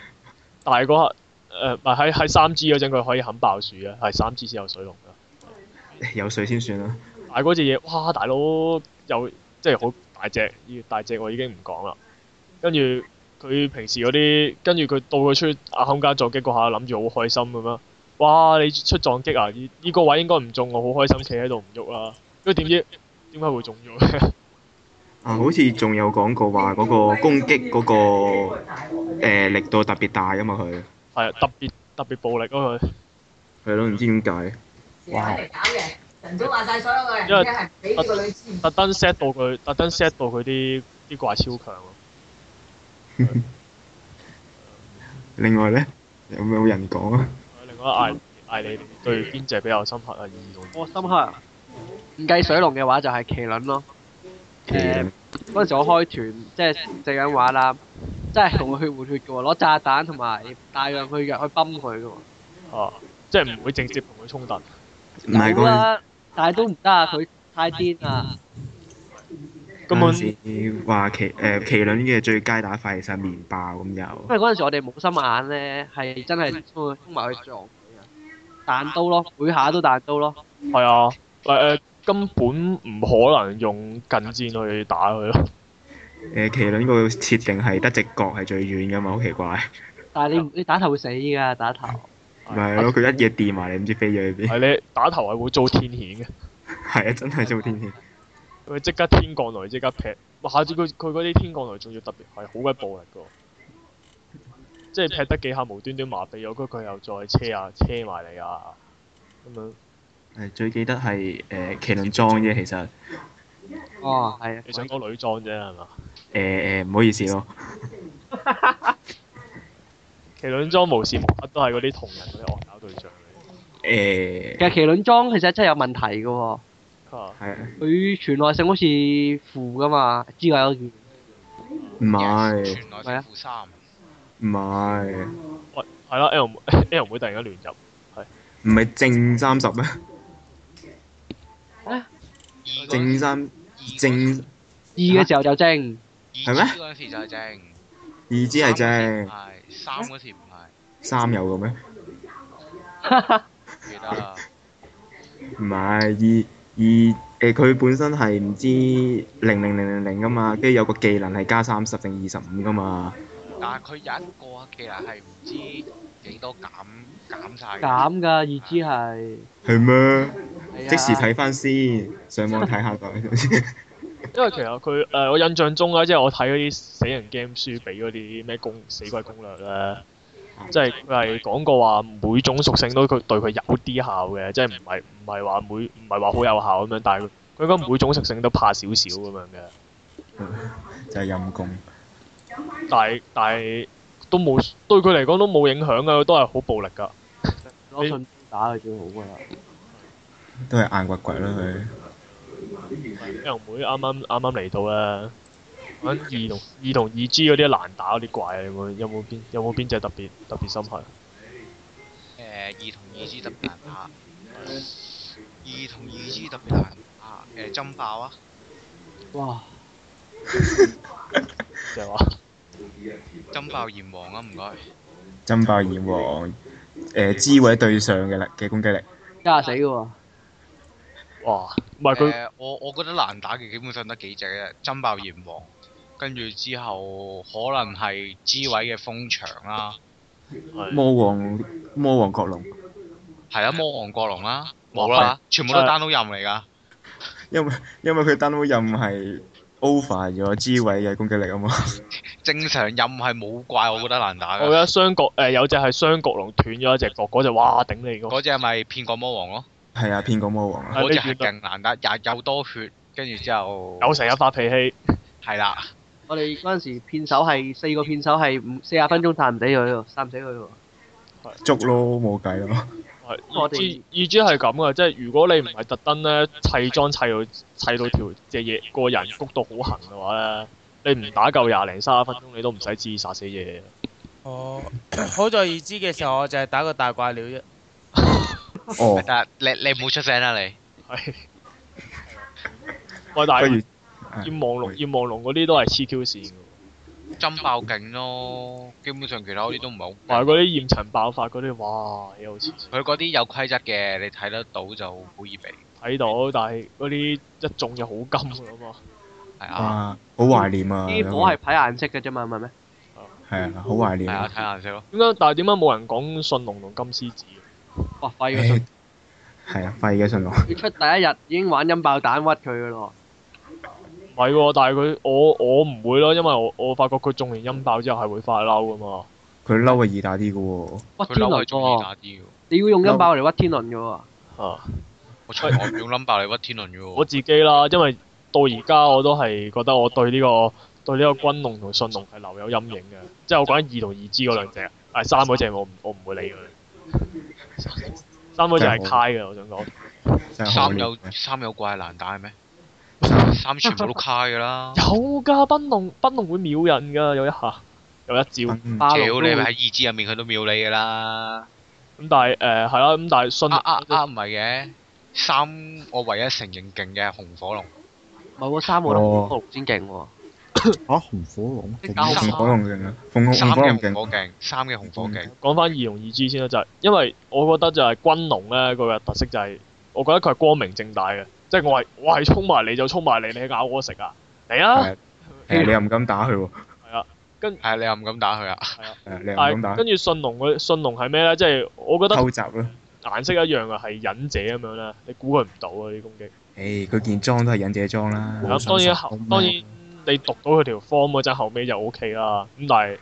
但係嗰下誒唔係喺喺三 G 嗰陣，佢可以冚爆樹嘅，係三 G 先有水龍㗎。對有水先算啦。但係嗰隻嘢，哇！大佬。大有，即係好大隻，依大隻我已經唔講啦。跟住佢平時嗰啲，跟住佢到佢出亞空間撞擊嗰下，諗住好開心咁樣！哇，你出撞擊啊！呢、這、呢個位應該唔中，我好開心企喺度唔喐啦。因為點知點解、欸、會中咗咧 啊？好似仲有講過話嗰個攻擊嗰、那個、呃、力度特別大啊嘛，佢係啊，特別特別暴力啊，佢係咯，唔、啊、知點解。人哋話曬所有嘅人，因為特登 set 到佢，特登 set 到佢啲啲怪超強咯。另外咧，有冇人講啊？另外，艾艾，你對邊隻比較深刻啊？意我深刻唔計水龍嘅話，就係麒麟咯。誒，嗰陣時我開團，即係正緊玩啦，即係同佢血換血嘅喎，攞炸彈同埋大量血藥去崩佢嘅喎。哦，即係唔會直接同佢衝突。唔係嗰。但係都唔得啊！佢太癲啦！咁嗰陣時話奇誒麒麟嘅最佳打法其實係綿爆咁又。因為嗰陣時我哋冇心眼咧，係真係衝埋去撞佢啊！彈刀咯，每下都彈刀咯。係啊、 嗯，誒誒，根本唔可能用近戰去打佢咯。誒麒麟個設定係得直角係最遠噶嘛，好奇怪。但係你你打頭會死㗎，打頭。唔係咯，佢 次一嘢墊埋你，唔知飛咗去邊。係你打頭係會、 嗯、遭天譴嘅。係啊，真係遭天譴。佢即刻天降雷，即刻劈。下次佢佢嗰啲天降雷仲要特別係好鬼暴力嘅。即、就、係、是、劈得幾下無端端麻痹咗，佢佢又再車啊，車埋你啊咁樣。誒最記得係誒麒麟裝啫，其實。哦，係啊，你想講女裝啫係嘛？誒誒，唔、嗯嗯嗯、好意思咯。 麒麟裝無時無刻都係嗰啲同人嗰啲惡搞對象嚟。誒，其實麒麟裝其實真係有問題嘅喎。佢傳耐性好似負嘅嘛，知唔知啊？有件。唔係。傳耐性負三。唔係。喂，係啦，L M L M 會突然間亂入，係。唔係正三十咩？正三正二嘅時候就正。係咩？二支嗰陣時就正。二支係正。三嗰時唔係三有嘅咩？記得唔係，二二誒，佢、呃、本身係唔知零零零零零噶嘛，跟住有個技能係加三十定二十五噶嘛。但係佢有一個技能係唔知幾多減減晒。減㗎，意思係，係咩？即時睇翻先，上網睇下佢。 因為其實佢誒、呃，我印象中咧，即、就、係、是、我睇嗰啲死人 game 書俾嗰啲咩攻死鬼攻略咧、嗯，即係佢係講過話每種屬性都佢對佢有啲效嘅，即係唔係唔係話每唔係話好有效咁樣，但係佢應該每種屬性都怕少少咁樣嘅。就係陰功。但係但係都冇對佢嚟講都冇影響噶，都係好暴力噶。 你打佢最好噶啦。都係硬掘掘啦佢。一龍、欸、妹啱啱啱啱嚟到啊！揾二同二同二 G 嗰啲難打嗰啲怪，啊，有冇有冇邊有冇邊隻特別特別深刻啊？誒，二同 二 G 特別難打，二同二 G 特別難打，誒、欸，震爆啊！哇！就話震爆炎王啊，唔該。震爆炎王，誒、呃，支位對上嘅啦，嘅攻擊力。一下死嘅哇！唔係佢，他我我覺得難打嘅基本上得幾隻嘅，爭爆炎王，跟住之後可能係 G 位嘅風場啦、啊，魔王魔王角龍，係啊魔王角龍、啊、啦，冇啦是，全部都單刀任嚟噶 ，因為因為佢單刀任係 over 咗 G 位嘅攻擊力啊嘛， 正常任係冇怪我覺得難打。我覺得雙角誒、呃，有隻係雙角龍斷咗一隻角，嗰隻哇頂你嗰。嗰隻係咪騙過魔王咯？係啊，天降魔王啊，嗰隻係勁難得，又多血，跟住之後，有成日發脾氣是的。係啦，我哋嗰陣時片手係四個片手係五四十分鐘殺唔死佢，殺唔死佢。捉咯，冇計咯。係二二 G 係咁噶，即係如果你唔係特登咧砌裝砌到砌到條隻嘢個人谷到好痕嘅話咧，你唔打夠廿零卅分鐘，你都唔使旨意殺死嘢。 哦，好在二 G 嘅時候，我就係打個大怪鳥啫。哦，但係你你唔好出聲啦，你係。喂，但係炎黃龍、炎黃龍嗰啲都係黐 Q 線嘅喎。針爆勁咯，基本上其他嗰啲都唔係好勁。但係嗰啲炎塵爆發嗰啲，哇，又好刺激。佢嗰啲有規則嘅，你睇得到就好易畀。睇到，但係嗰啲一中就好金㗎嘛。係啊，好懷念啊。啲火係睇顏色嘅啫嘛，唔係咩？係啊，好懷念。係啊，睇顏色咯。點解？但係點解冇人講信龍同金獅子？哇！廢嘅、欸、信，係啊，廢嘅信龍。你出第一日已經玩音爆彈屈佢嘅咯。係喎，但係佢我我唔會咯，因為我我發覺佢中完音爆之後係會發嬲噶嘛。佢嬲係易打啲嘅喎。屈天雷中啊！你要用音爆嚟屈天麟嘅嘛？我出我唔用音爆嚟屈天麟嘅喎。 我自己啦，因為到而家我都係覺得我對呢、呢個對呢個軍龍同信龍係留有陰影嘅，即係我講緊二同二 G 嗰兩隻，但係三嗰隻我我唔會理佢。三，三就只係卡嘅，我想講。三有三有怪難打係咩？ 三全部都卡嘅啦。有噶，冰龍冰龍會秒人噶，有一下，有一招。秒、嗯、你咪喺二指入面，佢都秒你噶啦。咁、嗯、但係誒係啦，咁、呃、但係信，啊啊唔係嘅，三我唯一承認勁嘅係紅火龍。冇啊、哦，三火龍火龍先勁喎。啊，火龍火龍火龍紅火龍，紅火龍勁啊，三嘅紅火勁，三嘅紅火勁。講翻二龍二知先啦，就係、是、因為我覺得就係軍龍咧，佢嘅特色就係，我覺得佢係光明正大嘅，即、就、係、是、我係我係衝埋你就衝埋你，你咬我食啊，嚟、嗯、啊！你又唔敢打佢喎？係啊，跟係的的你又唔敢打佢啊？係你又唔敢打？跟住信龍嘅信龍係咩咧？即、就、係、是、我覺得偷襲咯，顏色一樣啊，係忍者咁樣啦，你估佢唔到啊啲攻擊。誒、欸，佢件裝都係忍者裝啦。咁、嗯、當然，當然。當然你讀到佢條 form 嗰陣，後尾就 OK 啦。咁但係，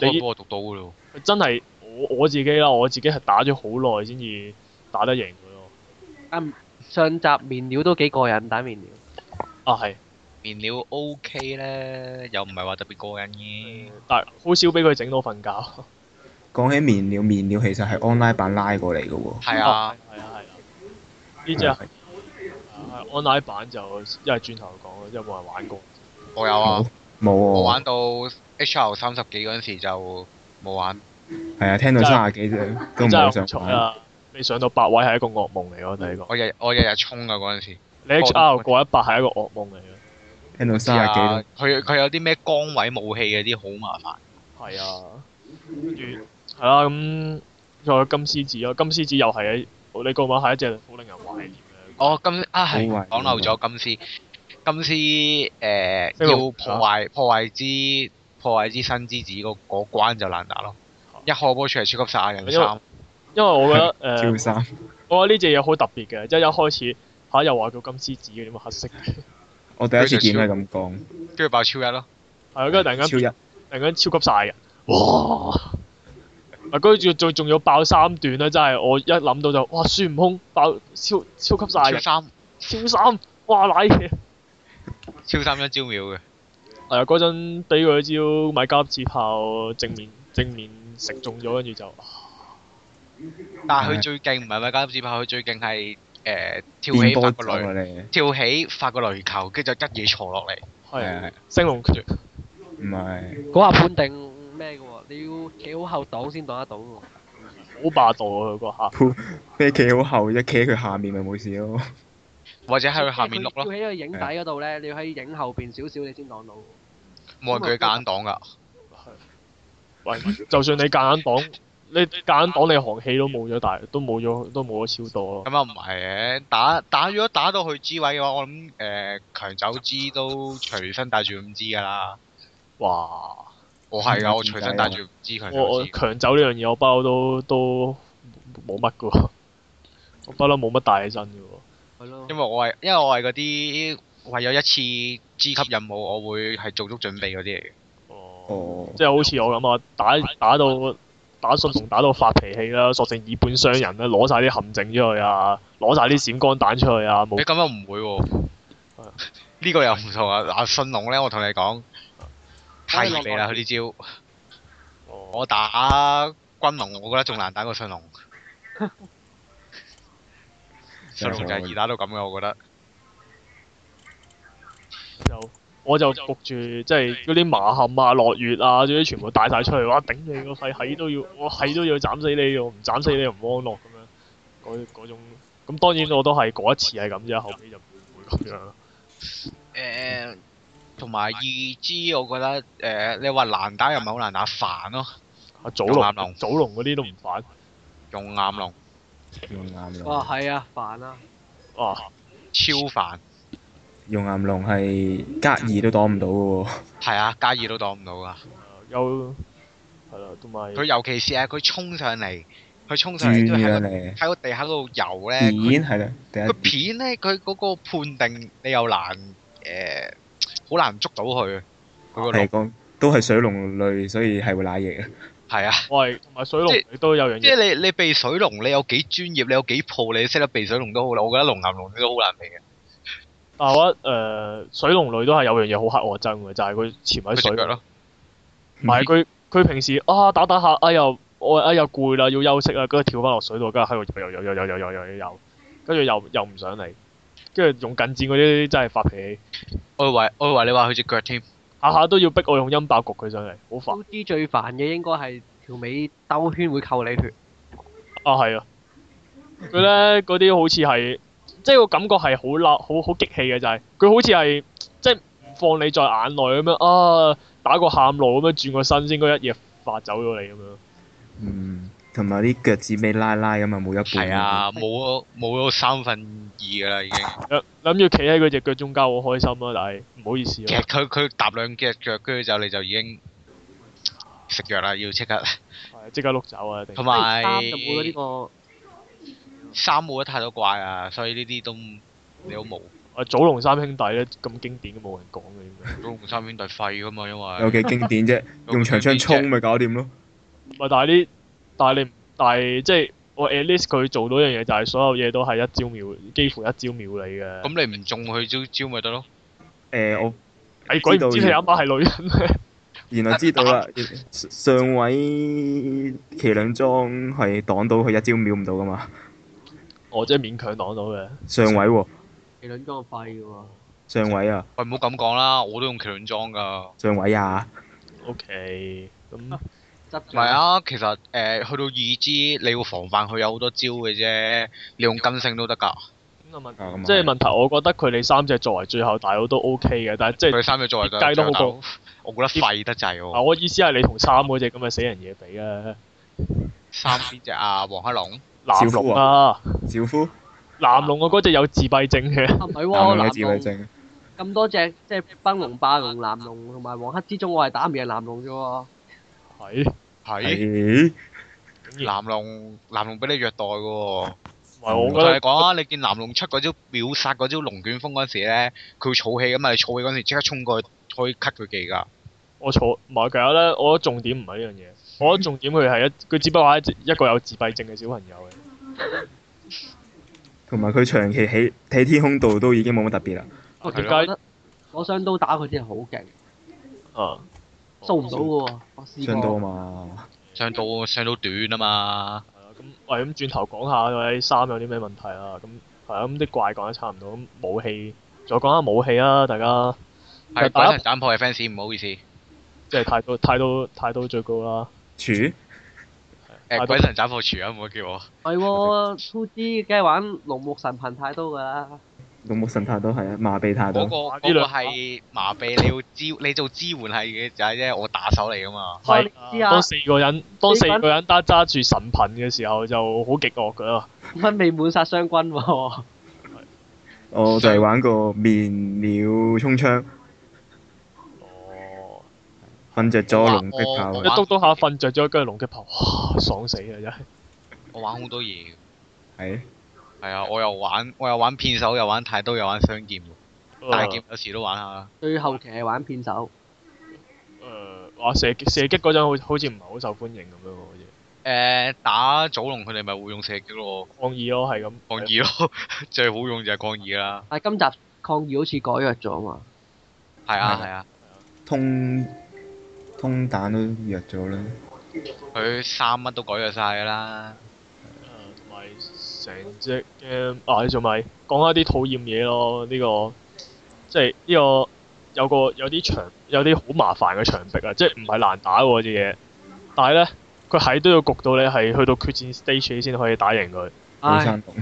可以幫我讀到嘅喎。真係我我自己啦，我自己係打咗好耐先至打得贏佢喎。上集面料都幾過癮，打面料。哦，係。面料 OK 咧，又唔係話特別過癮嘅。但係好少俾佢整到瞓覺。講起面料，面料其實係 online 版拉過嚟嘅喎。係啊，係啊，係啊。呢隻，online 版就因為轉頭講，有冇人玩過。我有啊，冇、啊、我玩到 H R 三十幾嗰陣時就冇玩。係啊，聽到三十幾都唔會上。你上到百位係一個噩夢嚟咯，第、這、一個。我日我日日衝啊嗰陣時。你 H R 過一百係一個噩夢嚟咯。聽到三十幾。佢佢、啊、有啲咩光位武器嗰啲好麻煩。係啊，跟住係啊，咁再金獅子咯，金獅子又係你講緊係一隻好令人懷念嘅。哦，金啊係講漏咗金獅。金絲誒，要破壞破壞之破壞之新之子嗰嗰關就難打咯。一開波出嚟超級晒人三，因為我覺得誒、呃三，我覺得呢隻嘢好特別嘅，即係一開始吓又話叫金絲子嘅點麼黑色嘅。我第一次見係咁講，跟住爆超一咯，係咯， 跟住突然間超一，突然間超級晒人。哇！啊，跟住仲仲要爆三段咧，真係我一諗到就哇孫悟空爆超超級晒嘅超三，超三哇奶嘢！超三一招秒嘅，誒嗰陣俾佢一招米加粒子炮正面正面食中咗，跟住就，但係佢最勁唔係米加粒子炮，佢最勁係誒跳起發個雷，跳起發個雷球，跟住就一嘢坐落嚟。係啊，升龍。唔係。嗰下判定咩嘅喎？你要企好後擋先擋得到喎。好霸道啊！佢嗰下，咩企好後啫？企喺佢下面咪冇事咯。或者喺佢下面錄咯。喺個影底嗰度咧，的你要喺影後邊少少，你先講到。冇人佢夾硬擋噶。 喂，就算你夾硬擋， 你夾硬擋，你寒氣都冇咗，但係都冇咗，都冇咗超多咯。咁又唔係嘅，打打咗打，打到去支位嘅話，我諗誒、呃、強走支都隨身帶住五支噶啦。哇！我係噶，我隨身帶住五支強走、G 啊我。我強走呢樣嘢， 我包都都冇乜噶喎。我不嬲冇乜帶起身噶喎。因為我係因為我係啲唯有一次 G 級任務，我會係做足準備嗰啲嚟嘅。哦，即係好似我咁啊，打打到打信龍打到發脾氣啦，索性以本傷人啦，攞晒啲陷阱出去啊，攞晒啲閃光彈出去啊，冇。咁又唔會喎？呢 個又唔同啊！嗱，信龍咧，我同你講，啊、太熱氣啦，佢啲招。哦、我打軍龍，我覺得仲難打過信龍。 就係而家都咁嘅，我覺得 就我就。就我就焗住，即係嗰啲馬冚啊、落月啊，嗰啲全部帶晒出嚟，哇！頂你個肺，閪都要，我閪都要斬死你，唔斬死你又唔安樂咁樣。嗰種，咁當然我都係過一次係咁啫，後尾就唔會咁樣。誒、欸，同埋二 G，我覺得誒、欸，你話難打又唔係好難打，煩咯、啊。阿、啊、祖龍，龍祖龍嗰啲都唔煩。用岩龍。熔岩龍啊，係啊，煩啦，哦，超煩。熔岩龍係隔二都擋唔到噶喎。係啊，隔二都擋唔到噶。有係啦，同埋佢尤其是啊，佢沖上嚟，佢沖上嚟都喺個喺個地下嗰度游咧。片係啦，佢片咧，佢嗰個判定你又難誒，好難捉到佢。嚟講都係水龍類，所以係會瀨嘢。係啊，喂，同埋水龍你都有樣嘢，即係你你避水龍你有幾專業，你有幾鋪，你識得避水龍都好啦。我覺得龍岩龍都好難避嘅、啊。我覺得誒，水龍類都係有樣嘢好黑我憎嘅，就係佢潛喺水咯。唔係佢佢平時啊，打打下，哎呀我哎呀攰啦，要休息啦，跟住跳翻落水度，跟住喺度游游游游游游游游，跟住又又唔想嚟，跟住用近戰嗰啲真係發脾氣。我以為我以為你話佢隻腳添。下下都要逼我用音爆焗佢上嚟，好煩。啲最煩嘅應該係條尾兜圈會扣你血。啊，係啊！佢咧嗰啲好似係，即係個感覺係、就是、好嬲，好好激氣嘅就係佢好似係即係放你在眼內咁樣啊，打個喊路咁樣轉個身先，應該一夜發走咗你咁樣。嗯。同埋啲腳趾尾拉拉咁啊，冇一半。啊，冇咗冇咗三分二噶啦，已經。諗住企喺佢隻腳中間好開心咯，但係。唔好意思。其實佢佢搭兩隻腳，跟住就你就已經食藥啦，要即刻。即 刻碌走啊！同埋。有三冇咗呢個。三冇得太多怪啊，所以呢啲都你好冇。啊！祖龍三兄弟咧咁經典都冇人講嘅祖龍三兄弟廢噶嘛，因為。有幾經典啫？ 用長槍衝咪 搞掂咯。咪但係啲。但係你，但係即係，我 at least 佢做到一樣嘢，就係所有嘢都係一招秒，幾乎一招秒你嘅。咁你唔中佢一招咪得咯？誒，我，誒，鬼唔知你阿媽係女人咩？原來知道啦。上位騎兩裝係擋到佢一招秒唔到噶嘛？我即係勉強擋到嘅。上位喎。騎兩裝個肺噶嘛？上位啊！喂唔好咁講啦，我都用騎兩裝噶。上位呀？O K，咁。唔係啊，其實誒去到二 G，你要防範佢有好多招嘅啫，你用金星都得㗎。咁即係問題，我覺得佢哋三隻作為最後大佬都 OK 嘅，但係即係。佢哋三隻作為都。別計都好過。我覺得廢得滯喎。我意思係你同三嗰隻咁嘅死人嘢比啊，三邊隻啊，黃黑龍。小夫啊。小夫。藍龍啊，嗰隻有自閉症嘅。係咪喎？藍龍自閉症。咁多隻即係崩龍霸龍藍龍同埋黃黑之中，我係打唔贏藍龍啫喎。係。係，南龍南龍俾你虐待嘅，唔係我。就係講啊，你見南龍出嗰招秒殺嗰招龍捲風嗰時咧，佢會儲氣噶嘛？你儲氣嗰時即刻衝過去，可以 cut 佢技噶。我草，唔係，其實咧，我覺得重點唔係呢樣嘢，我覺得重點佢係一，佢只不過係一一個有自閉症嘅小朋友嘅。同埋佢長期喺喺天空度都已經冇乜特別啦。我點解得？嗰雙刀打佢真係好勁。嗯。做唔到喎，上刀啊嘛，上到， 上到短啊嘛。咁喂、 嗯，咁轉頭講下嗰啲衫有啲咩問題啊？咁係啊，咁、嗯、啲怪講得差唔多，咁武器再講下武器啊，大家。係鬼神斬破嘅 fans 唔好意思，即係太多太多太多最高啦。廚柱？誒、欸呃、鬼神斬破廚啊，唔好叫我。係喎，two D 梗係玩龍目神憑太多㗎啦。個木神太多係啊，麻痹太多。嗰個嗰個係麻痹，你要支你做支援係嘅就係啫，我打手嚟噶嘛。係。當四個人當四個人揸揸住神品嘅時候，就好極惡噶啦。分未滿殺傷軍喎。係。我就係玩個面鳥衝槍。哦。瞓着咗龍擊炮。一督督下瞓着咗根龍擊炮，哇！爽死啊！真係。我玩好多嘢。係。係啊，我又玩，我又玩片手，又玩太刀，又玩雙劍，uh, 大劍有時都玩下啦。最後期係玩片手。誒，哇！射射擊嗰陣好好似唔係好受歡迎咁樣喎好似。誒，uh, 打祖龍佢哋咪會用射擊咯，抗義咯係咁。抗義咯，的最好用就係抗義啦。但、啊、今集抗義好似改弱咗嘛。係啊係啊，通通彈都弱咗啦。佢 三乜都改弱晒㗎啦。成隻 game 啊，仲咪講一啲討厭嘢咯？呢個即係呢個有個有啲牆，有啲好麻煩嘅牆壁啊！即係唔係難打喎？隻嘢，但係咧，佢喺都要焗到你係去到決戰 stage 先可以打贏佢。哎、老山洞、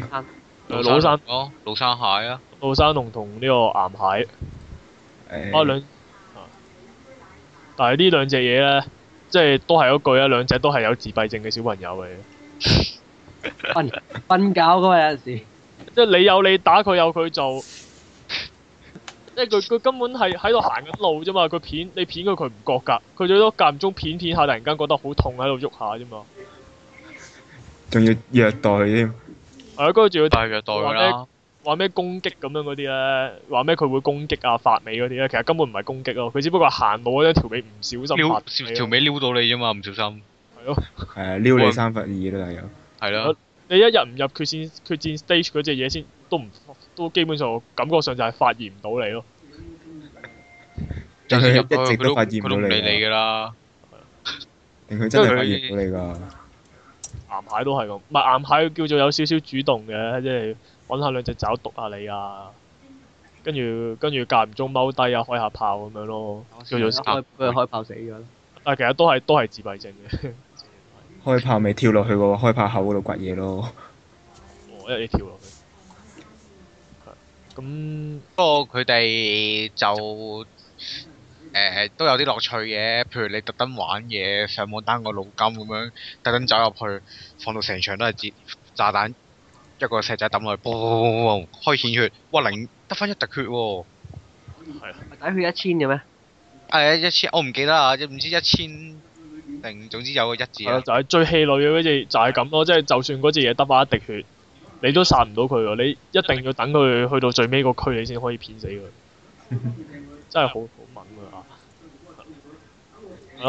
老山老老山蟹啊！老山龍同呢個岩蟹，岩蟹哎、啊兩，啊但係呢兩隻嘢咧，即係都係一句啦，兩隻都係有自閉症嘅小朋友嚟。 瞓瞓覺噶嘛，有陣時，即係你有你打佢有佢做，即係佢佢根本係喺度行緊路啫嘛。佢片你片佢佢唔覺噶，佢最多間唔中片片下突然間覺得好痛喺度喐下啫嘛。仲要虐待佢添，係啊，跟住仲要虐待佢啦，話咩話咩攻擊咁樣嗰啲咧，話咩佢會攻擊啊髮尾嗰啲咧，其實根本唔係攻擊咯，佢只不過行路嗰條尾唔小心，條條尾撩到你啫嘛，唔小心。係咯，係啊，撩你三弗二啦又。係咯，你一日唔入決戰決戰 stage 嗰隻嘢先，都唔都基本上感覺上就係發現唔到你咯。但係 一直都，都發現唔到你㗎、啊、啦，定佢 真係發現到你㗎？岩蟹都係咁，唔係岩蟹叫做有少少主動嘅，即係揾下兩隻爪篤下你啊，跟住跟住間唔中踎低啊，開下炮咁樣咯， 叫做 S 開開炮死㗎啦。但係其實都係都係自閉症嘅。 開炮咪跳落去個開炮口嗰度掘嘢咯。我、哦、一啲跳落去。咁不過佢哋就誒、呃、都有啲樂趣嘅，譬如你特登玩嘢，上網單個腦金咁樣，特登走入去，放到成場都係炸彈，一個石仔抌落去，開顯血，哇零得返一滴血喎、哦。係啊的，打血一千嘅咩？係、哎、一千，我唔記得啊，唔知一千。定，總之有個一致啊， 啊！就係、係、最氣餒嗰隻，就係咁咯。即係就算嗰隻嘢得返一滴血，你都殺唔到佢喎。你一定要等佢去到最尾個區，你先可以騙死佢。 真係好好猛啊！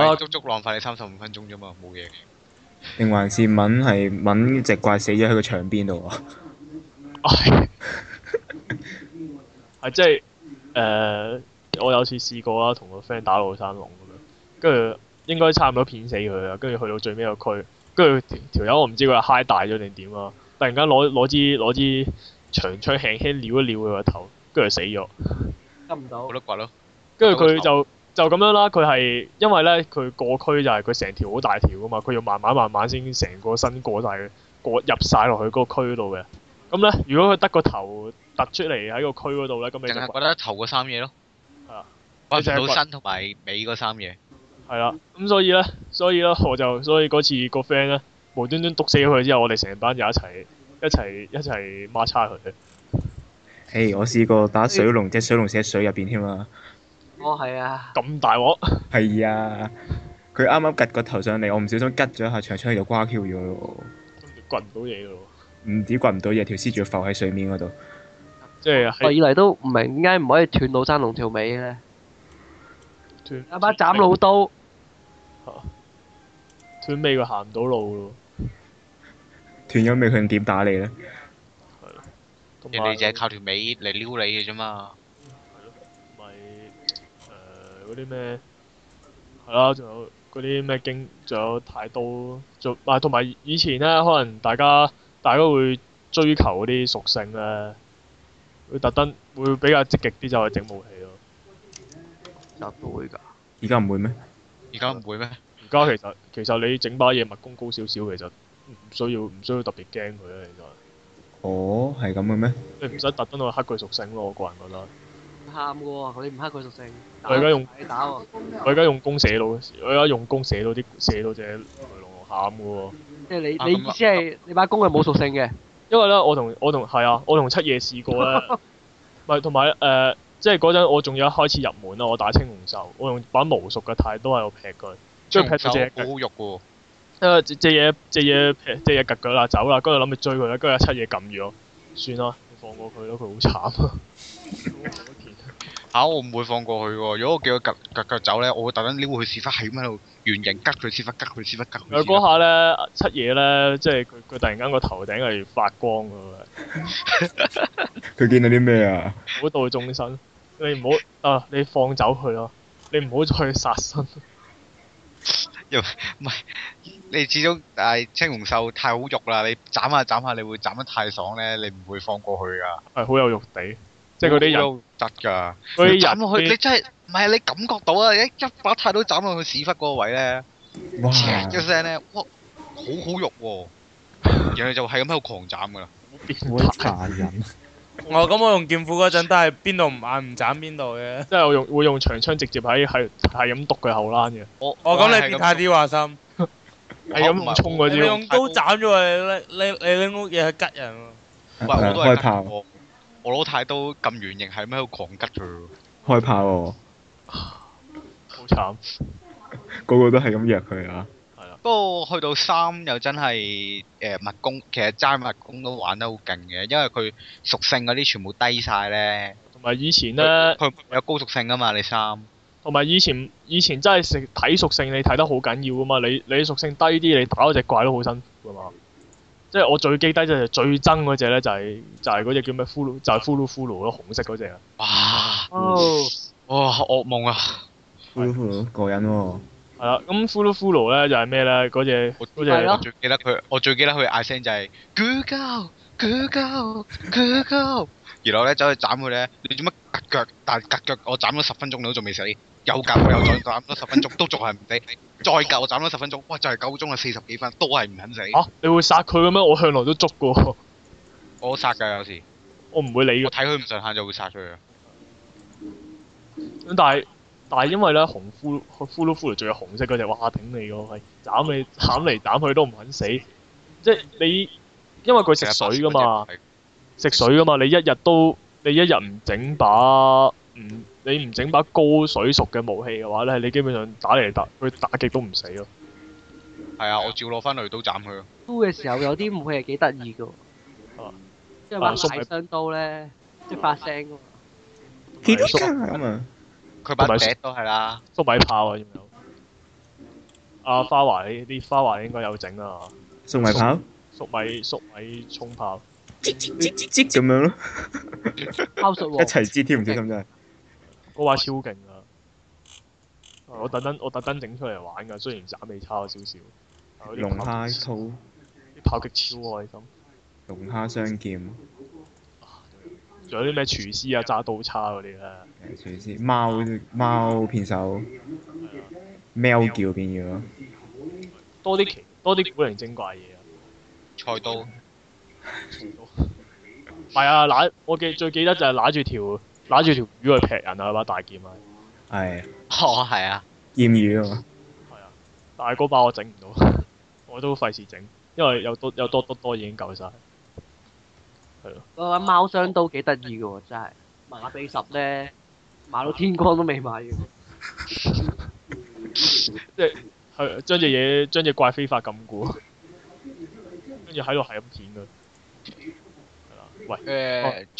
啊，足足浪費你三十五分鐘啫嘛，冇嘢。定還是猛係猛隻怪死咗喺個牆邊度啊！係， 即係誒，我有次試過啦，同個 friend 打老山龍咁樣，跟住。應該差唔多片死佢啦，跟住去到最尾一個區，跟住條友我唔知佢係嗨大咗定點啊？突然間攞攞支攞支長槍輕輕撩一撩佢個頭，跟住死咗。得唔到，冇得刮咯。跟住佢就就咁樣啦，佢係因為咧佢過區就係佢成條好大條噶嘛，佢要慢慢慢慢先成個身過晒，過入晒落去嗰個區度嘅。咁咧，如果佢得個頭突出嚟喺個區嗰度咧，咁你就。淨係覺得頭嗰三嘢咯。係啊。刮到身同埋尾嗰三嘢。係啦，咁所以咧，所以咧，我就所以嗰次個 friend 咧，無端端毒死咗佢之後，我哋成班就一齊一齊一齊抹叉佢。嘿，hey, 我試過打水龍，隻 Hey. 水龍死喺水入邊添啊！哦，係 啊！咁大鑊！係啊，佢啱啱趷個頭上嚟，我唔小心拮咗一下長槍喺度瓜 Q 咗咯。掘唔到嘢咯？唔 止掘唔到嘢，條屍仲要浮喺水面嗰度。即係。我以嚟都唔明點解唔可以斷到山龍條尾咧？阿把斷斬老刀，嚇、啊，斷尾佢行唔到路咯。斷咗尾佢點打你呢？係咯，只你哋就係靠條尾嚟撩你嘅啫嘛。係咯，咪誒嗰啲咩？係、呃、啦，仲有嗰啲咩經，仲有太刀，仲啊同埋以前呢，可能大家大家會追求嗰啲屬性咧，會特登會比較積極啲就係整武器。入到去㗎，而家唔會咩？而家唔會咩？而家其實其實你整把嘢物攻高少少，其實唔需要唔需要特別驚佢啊！其實，哦，係咁嘅咩？你唔使特登去黑佢屬性咯，我個人覺得。唔喊嘅喎，你唔黑佢屬性，我而家用打，我而家用弓射到，我而家用弓射到啲射到隻雷龍喊嘅喎。即係你你意思係你把弓係冇屬性嘅？因為咧，我同我同係啊，我同七夜試過咧，唔係同埋誒。即係嗰陣我仲要一開始入門咯，我打青熊獸，我用把無屬嘅太刀喺度劈佢，將劈到隻隻嘢、啊，隻嘢劈，隻嘢夾腳啦走啦，跟住諗住追佢啦，跟住有七嘢撳住我，算啦，你放過佢咯，佢好慘啊！吓我唔會放過佢喎，如果我叫佢夾夾腳走咧，我會特登撩佢屎忽喺度。圓形吉佢屎忽，吉，佢屎忽，吉。佢。嗰下咧，七嘢咧，即係佢佢突然間個頭頂係發光㗎嘛。佢見到啲咩啊？普渡眾生，你唔好啊！你放走佢咯，你唔好再去殺生。又唔係你始終，但青龍獸太好肉啦！你斬下斬下，你會斬得太爽咧，你唔會放過去㗎。係好有肉地，即係嗰啲肉得㗎。嗰啲人你真係。唔係你感覺到啊，一一把太刀斬落去屎忽嗰個位咧，嘁嘅哇聲咧，哇，好好肉喎，哦！然後 就係咁喺度狂斬噶啦，變態人。我咁我用劍斧嗰陣都係邊度唔眼唔斬邊度嘅。即係我用會用長槍直接喺喺喺咁篤佢後欄嘅。我 我咁你變態啲話心，係咁唔衝嗰啲。你用刀斬咗佢，高，你你你拎屋嘢去吉人咯，哎。我都係吉人。我攞太刀咁圓形係咁喺度狂吉佢喎。開炮喎，哦！好慘，個個都係咁弱佢啊！係啦，不過去到三又真係誒，物、呃、攻，其實齋物攻都玩得好勁嘅，因為佢屬性嗰啲全部低曬咧。同埋以前咧，佢有高屬性噶嘛？你三。同埋以前，以前真係食睇屬性，你睇得好緊要噶嘛？你你屬性低啲，你打嗰隻怪都好辛苦噶嘛？即係我最記得就係最憎嗰隻咧，就係、是、就係、是、嗰隻叫咩？骷髏就係骷髏骷髏咯，紅色嗰隻啊！哇！ 哇！噩夢啊 Fullo Fullo 過癮喎。係啦，咁 Fullo Fullo 咧就係咩咧？嗰隻我最記得佢，我最記得佢嗌聲就係、是、Google Google Google 然後咧走去斬佢咧，你做乜夾腳？但夾腳我斬咗十分鐘 都仲未死，又夠又再斬咗十分鐘都仲係唔死，再夠我斬咗十分鐘，哇就係、是、夠鐘啊，四十幾分都係唔肯死、啊。你會殺佢嘅咩？我向來都捉過。 我殺噶有時，我唔會理佢，睇佢唔順眼就會殺佢啊。咁但係但係，因為咧紅呼、呼嚕呼嚕，仲有紅色嗰隻哇，挺你噶，喂斬你斬嚟斬去都唔肯死，即係你因為佢食水噶嘛，食水噶嘛，你一日都你一日唔整把唔你唔整把高水熟嘅武器嘅話咧，你基本上打嚟打去，打極都唔死咯。係啊，我照攞翻去都斬佢咯。呼嘅時候有啲武器係幾得意噶，即係玩體雙刀咧，即係、啊啊、發聲啲粟啊咁啊，粟米都係啦。粟米炮啊，仲有啊，花華啲花華應該有整啊。粟米炮？粟米粟米衝炮，咁樣咯。拋粟一齊支添，唔小心真係。嗰把超勁啊！我特登我特登整出嚟玩噶，雖然斬味差咗少少。龍蝦粗，啲炮擊超外音。龍蝦雙劍。仲有啲咩廚師啊，揸刀叉嗰啲咧？廚師，貓貓騙手，喵叫變妖，多啲奇多啲古靈精怪嘢啊！菜刀，刀！係啊！攬我記最記得就係攬住條攬住條魚去劈人啊！把大劍啊！係、啊，哦係啊！劍魚啊嘛，係啊！但係把我整唔到， 我都費事整，因為有多有多多多已經夠晒。嗰個貓箱都幾得意嘅喎，真係馬鼻十咧，買到天光都未買完，即係係將隻嘢將隻怪飛髮禁過，跟住喺度係咁剪㗎，係啦，喂，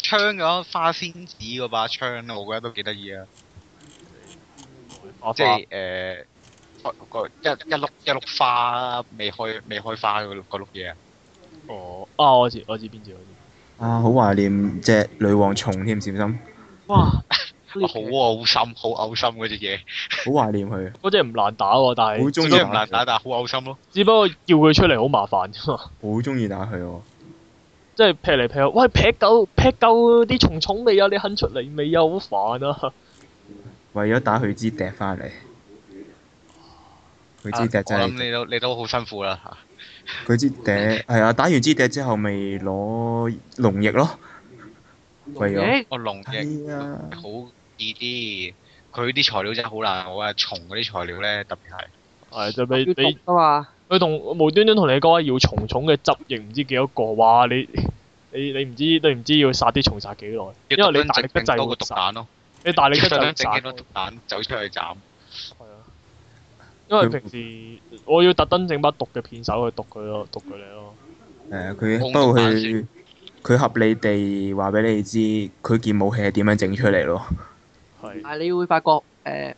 誒槍嗰花仙子嗰把槍咧，我覺得都幾得意啊，即係誒，六一一碌一碌花未開未開花嗰碌嘢，哦，啊我知我知邊隻。啊，好懷念隻女王蟲添，小心！哇，好嘔心，好嘔心嗰隻嘢。好懷念佢。嗰隻唔難打喎、啊，但係。好中意唔難打，但係好嘔心咯。只不過叫佢出嚟好麻煩啫嘛。好中意打佢喎、啊！即係 劈嚟劈去，喂劈鳩劈鳩啲蟲蟲未啊？你肯出嚟未啊？好、啊啊啊、煩啊！ 為咗打佢支笛翻嚟，佢支笛真、啊、我諗你都 你都好辛苦啦、啊、嚇。佢支笛係啊，打完支笛之後咪攞龍液咯，液為了、哦、啊，我龍液好易啲，佢啲材料真係好難，搞啊蟲嗰啲材料咧特別係係就俾你啊嘛，佢同你無端端同你講要蟲蟲嘅汁液唔知幾多個，哇你你你唔知你唔知要殺啲蟲殺幾耐，等因為你大力不濟，我個毒蛋咯，你大力不濟，斬整幾多蛋走出去斬。因為平時我要特登整把毒嘅片手去毒佢咯，毒佢你咯。係啊，佢不過佢佢合理地話俾你知，佢件武器係點樣整出嚟咯。係。但係你會發覺，誒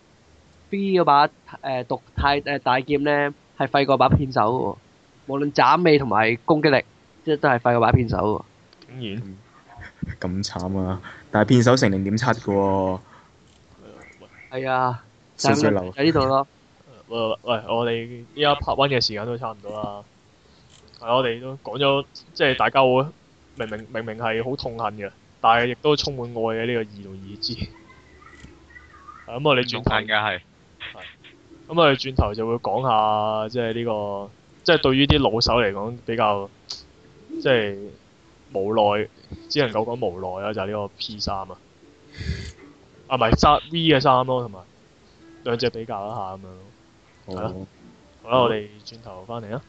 ，B 嗰把誒毒太誒大劍咧，係廢過把片手嘅，無論斬尾同埋攻擊力，即係都係廢過把片手嘅。竟然咁慘啊！但係片手成零點七嘅喎。係啊。細水流喺呢度咯。喂，我哋依家拍温嘅時間都差唔多啦，係我哋都講咗，即係大家會明明明明係好痛恨嘅，但係亦都充滿愛嘅呢、這個義同意之。咁、 嗯、我哋轉頭，嘅係、嗯，係，咁啊，轉、嗯嗯、頭就會講下，即係呢、這個，即係對於啲老手嚟講，比較，即係無奈，只能夠講無奈啦，就係、是、呢個 P 衫 啊，啊，唔係，V 嘅衫咯，同埋，兩隻比較一下咁樣咯。係咯，好啦，我哋轉頭翻嚟啦。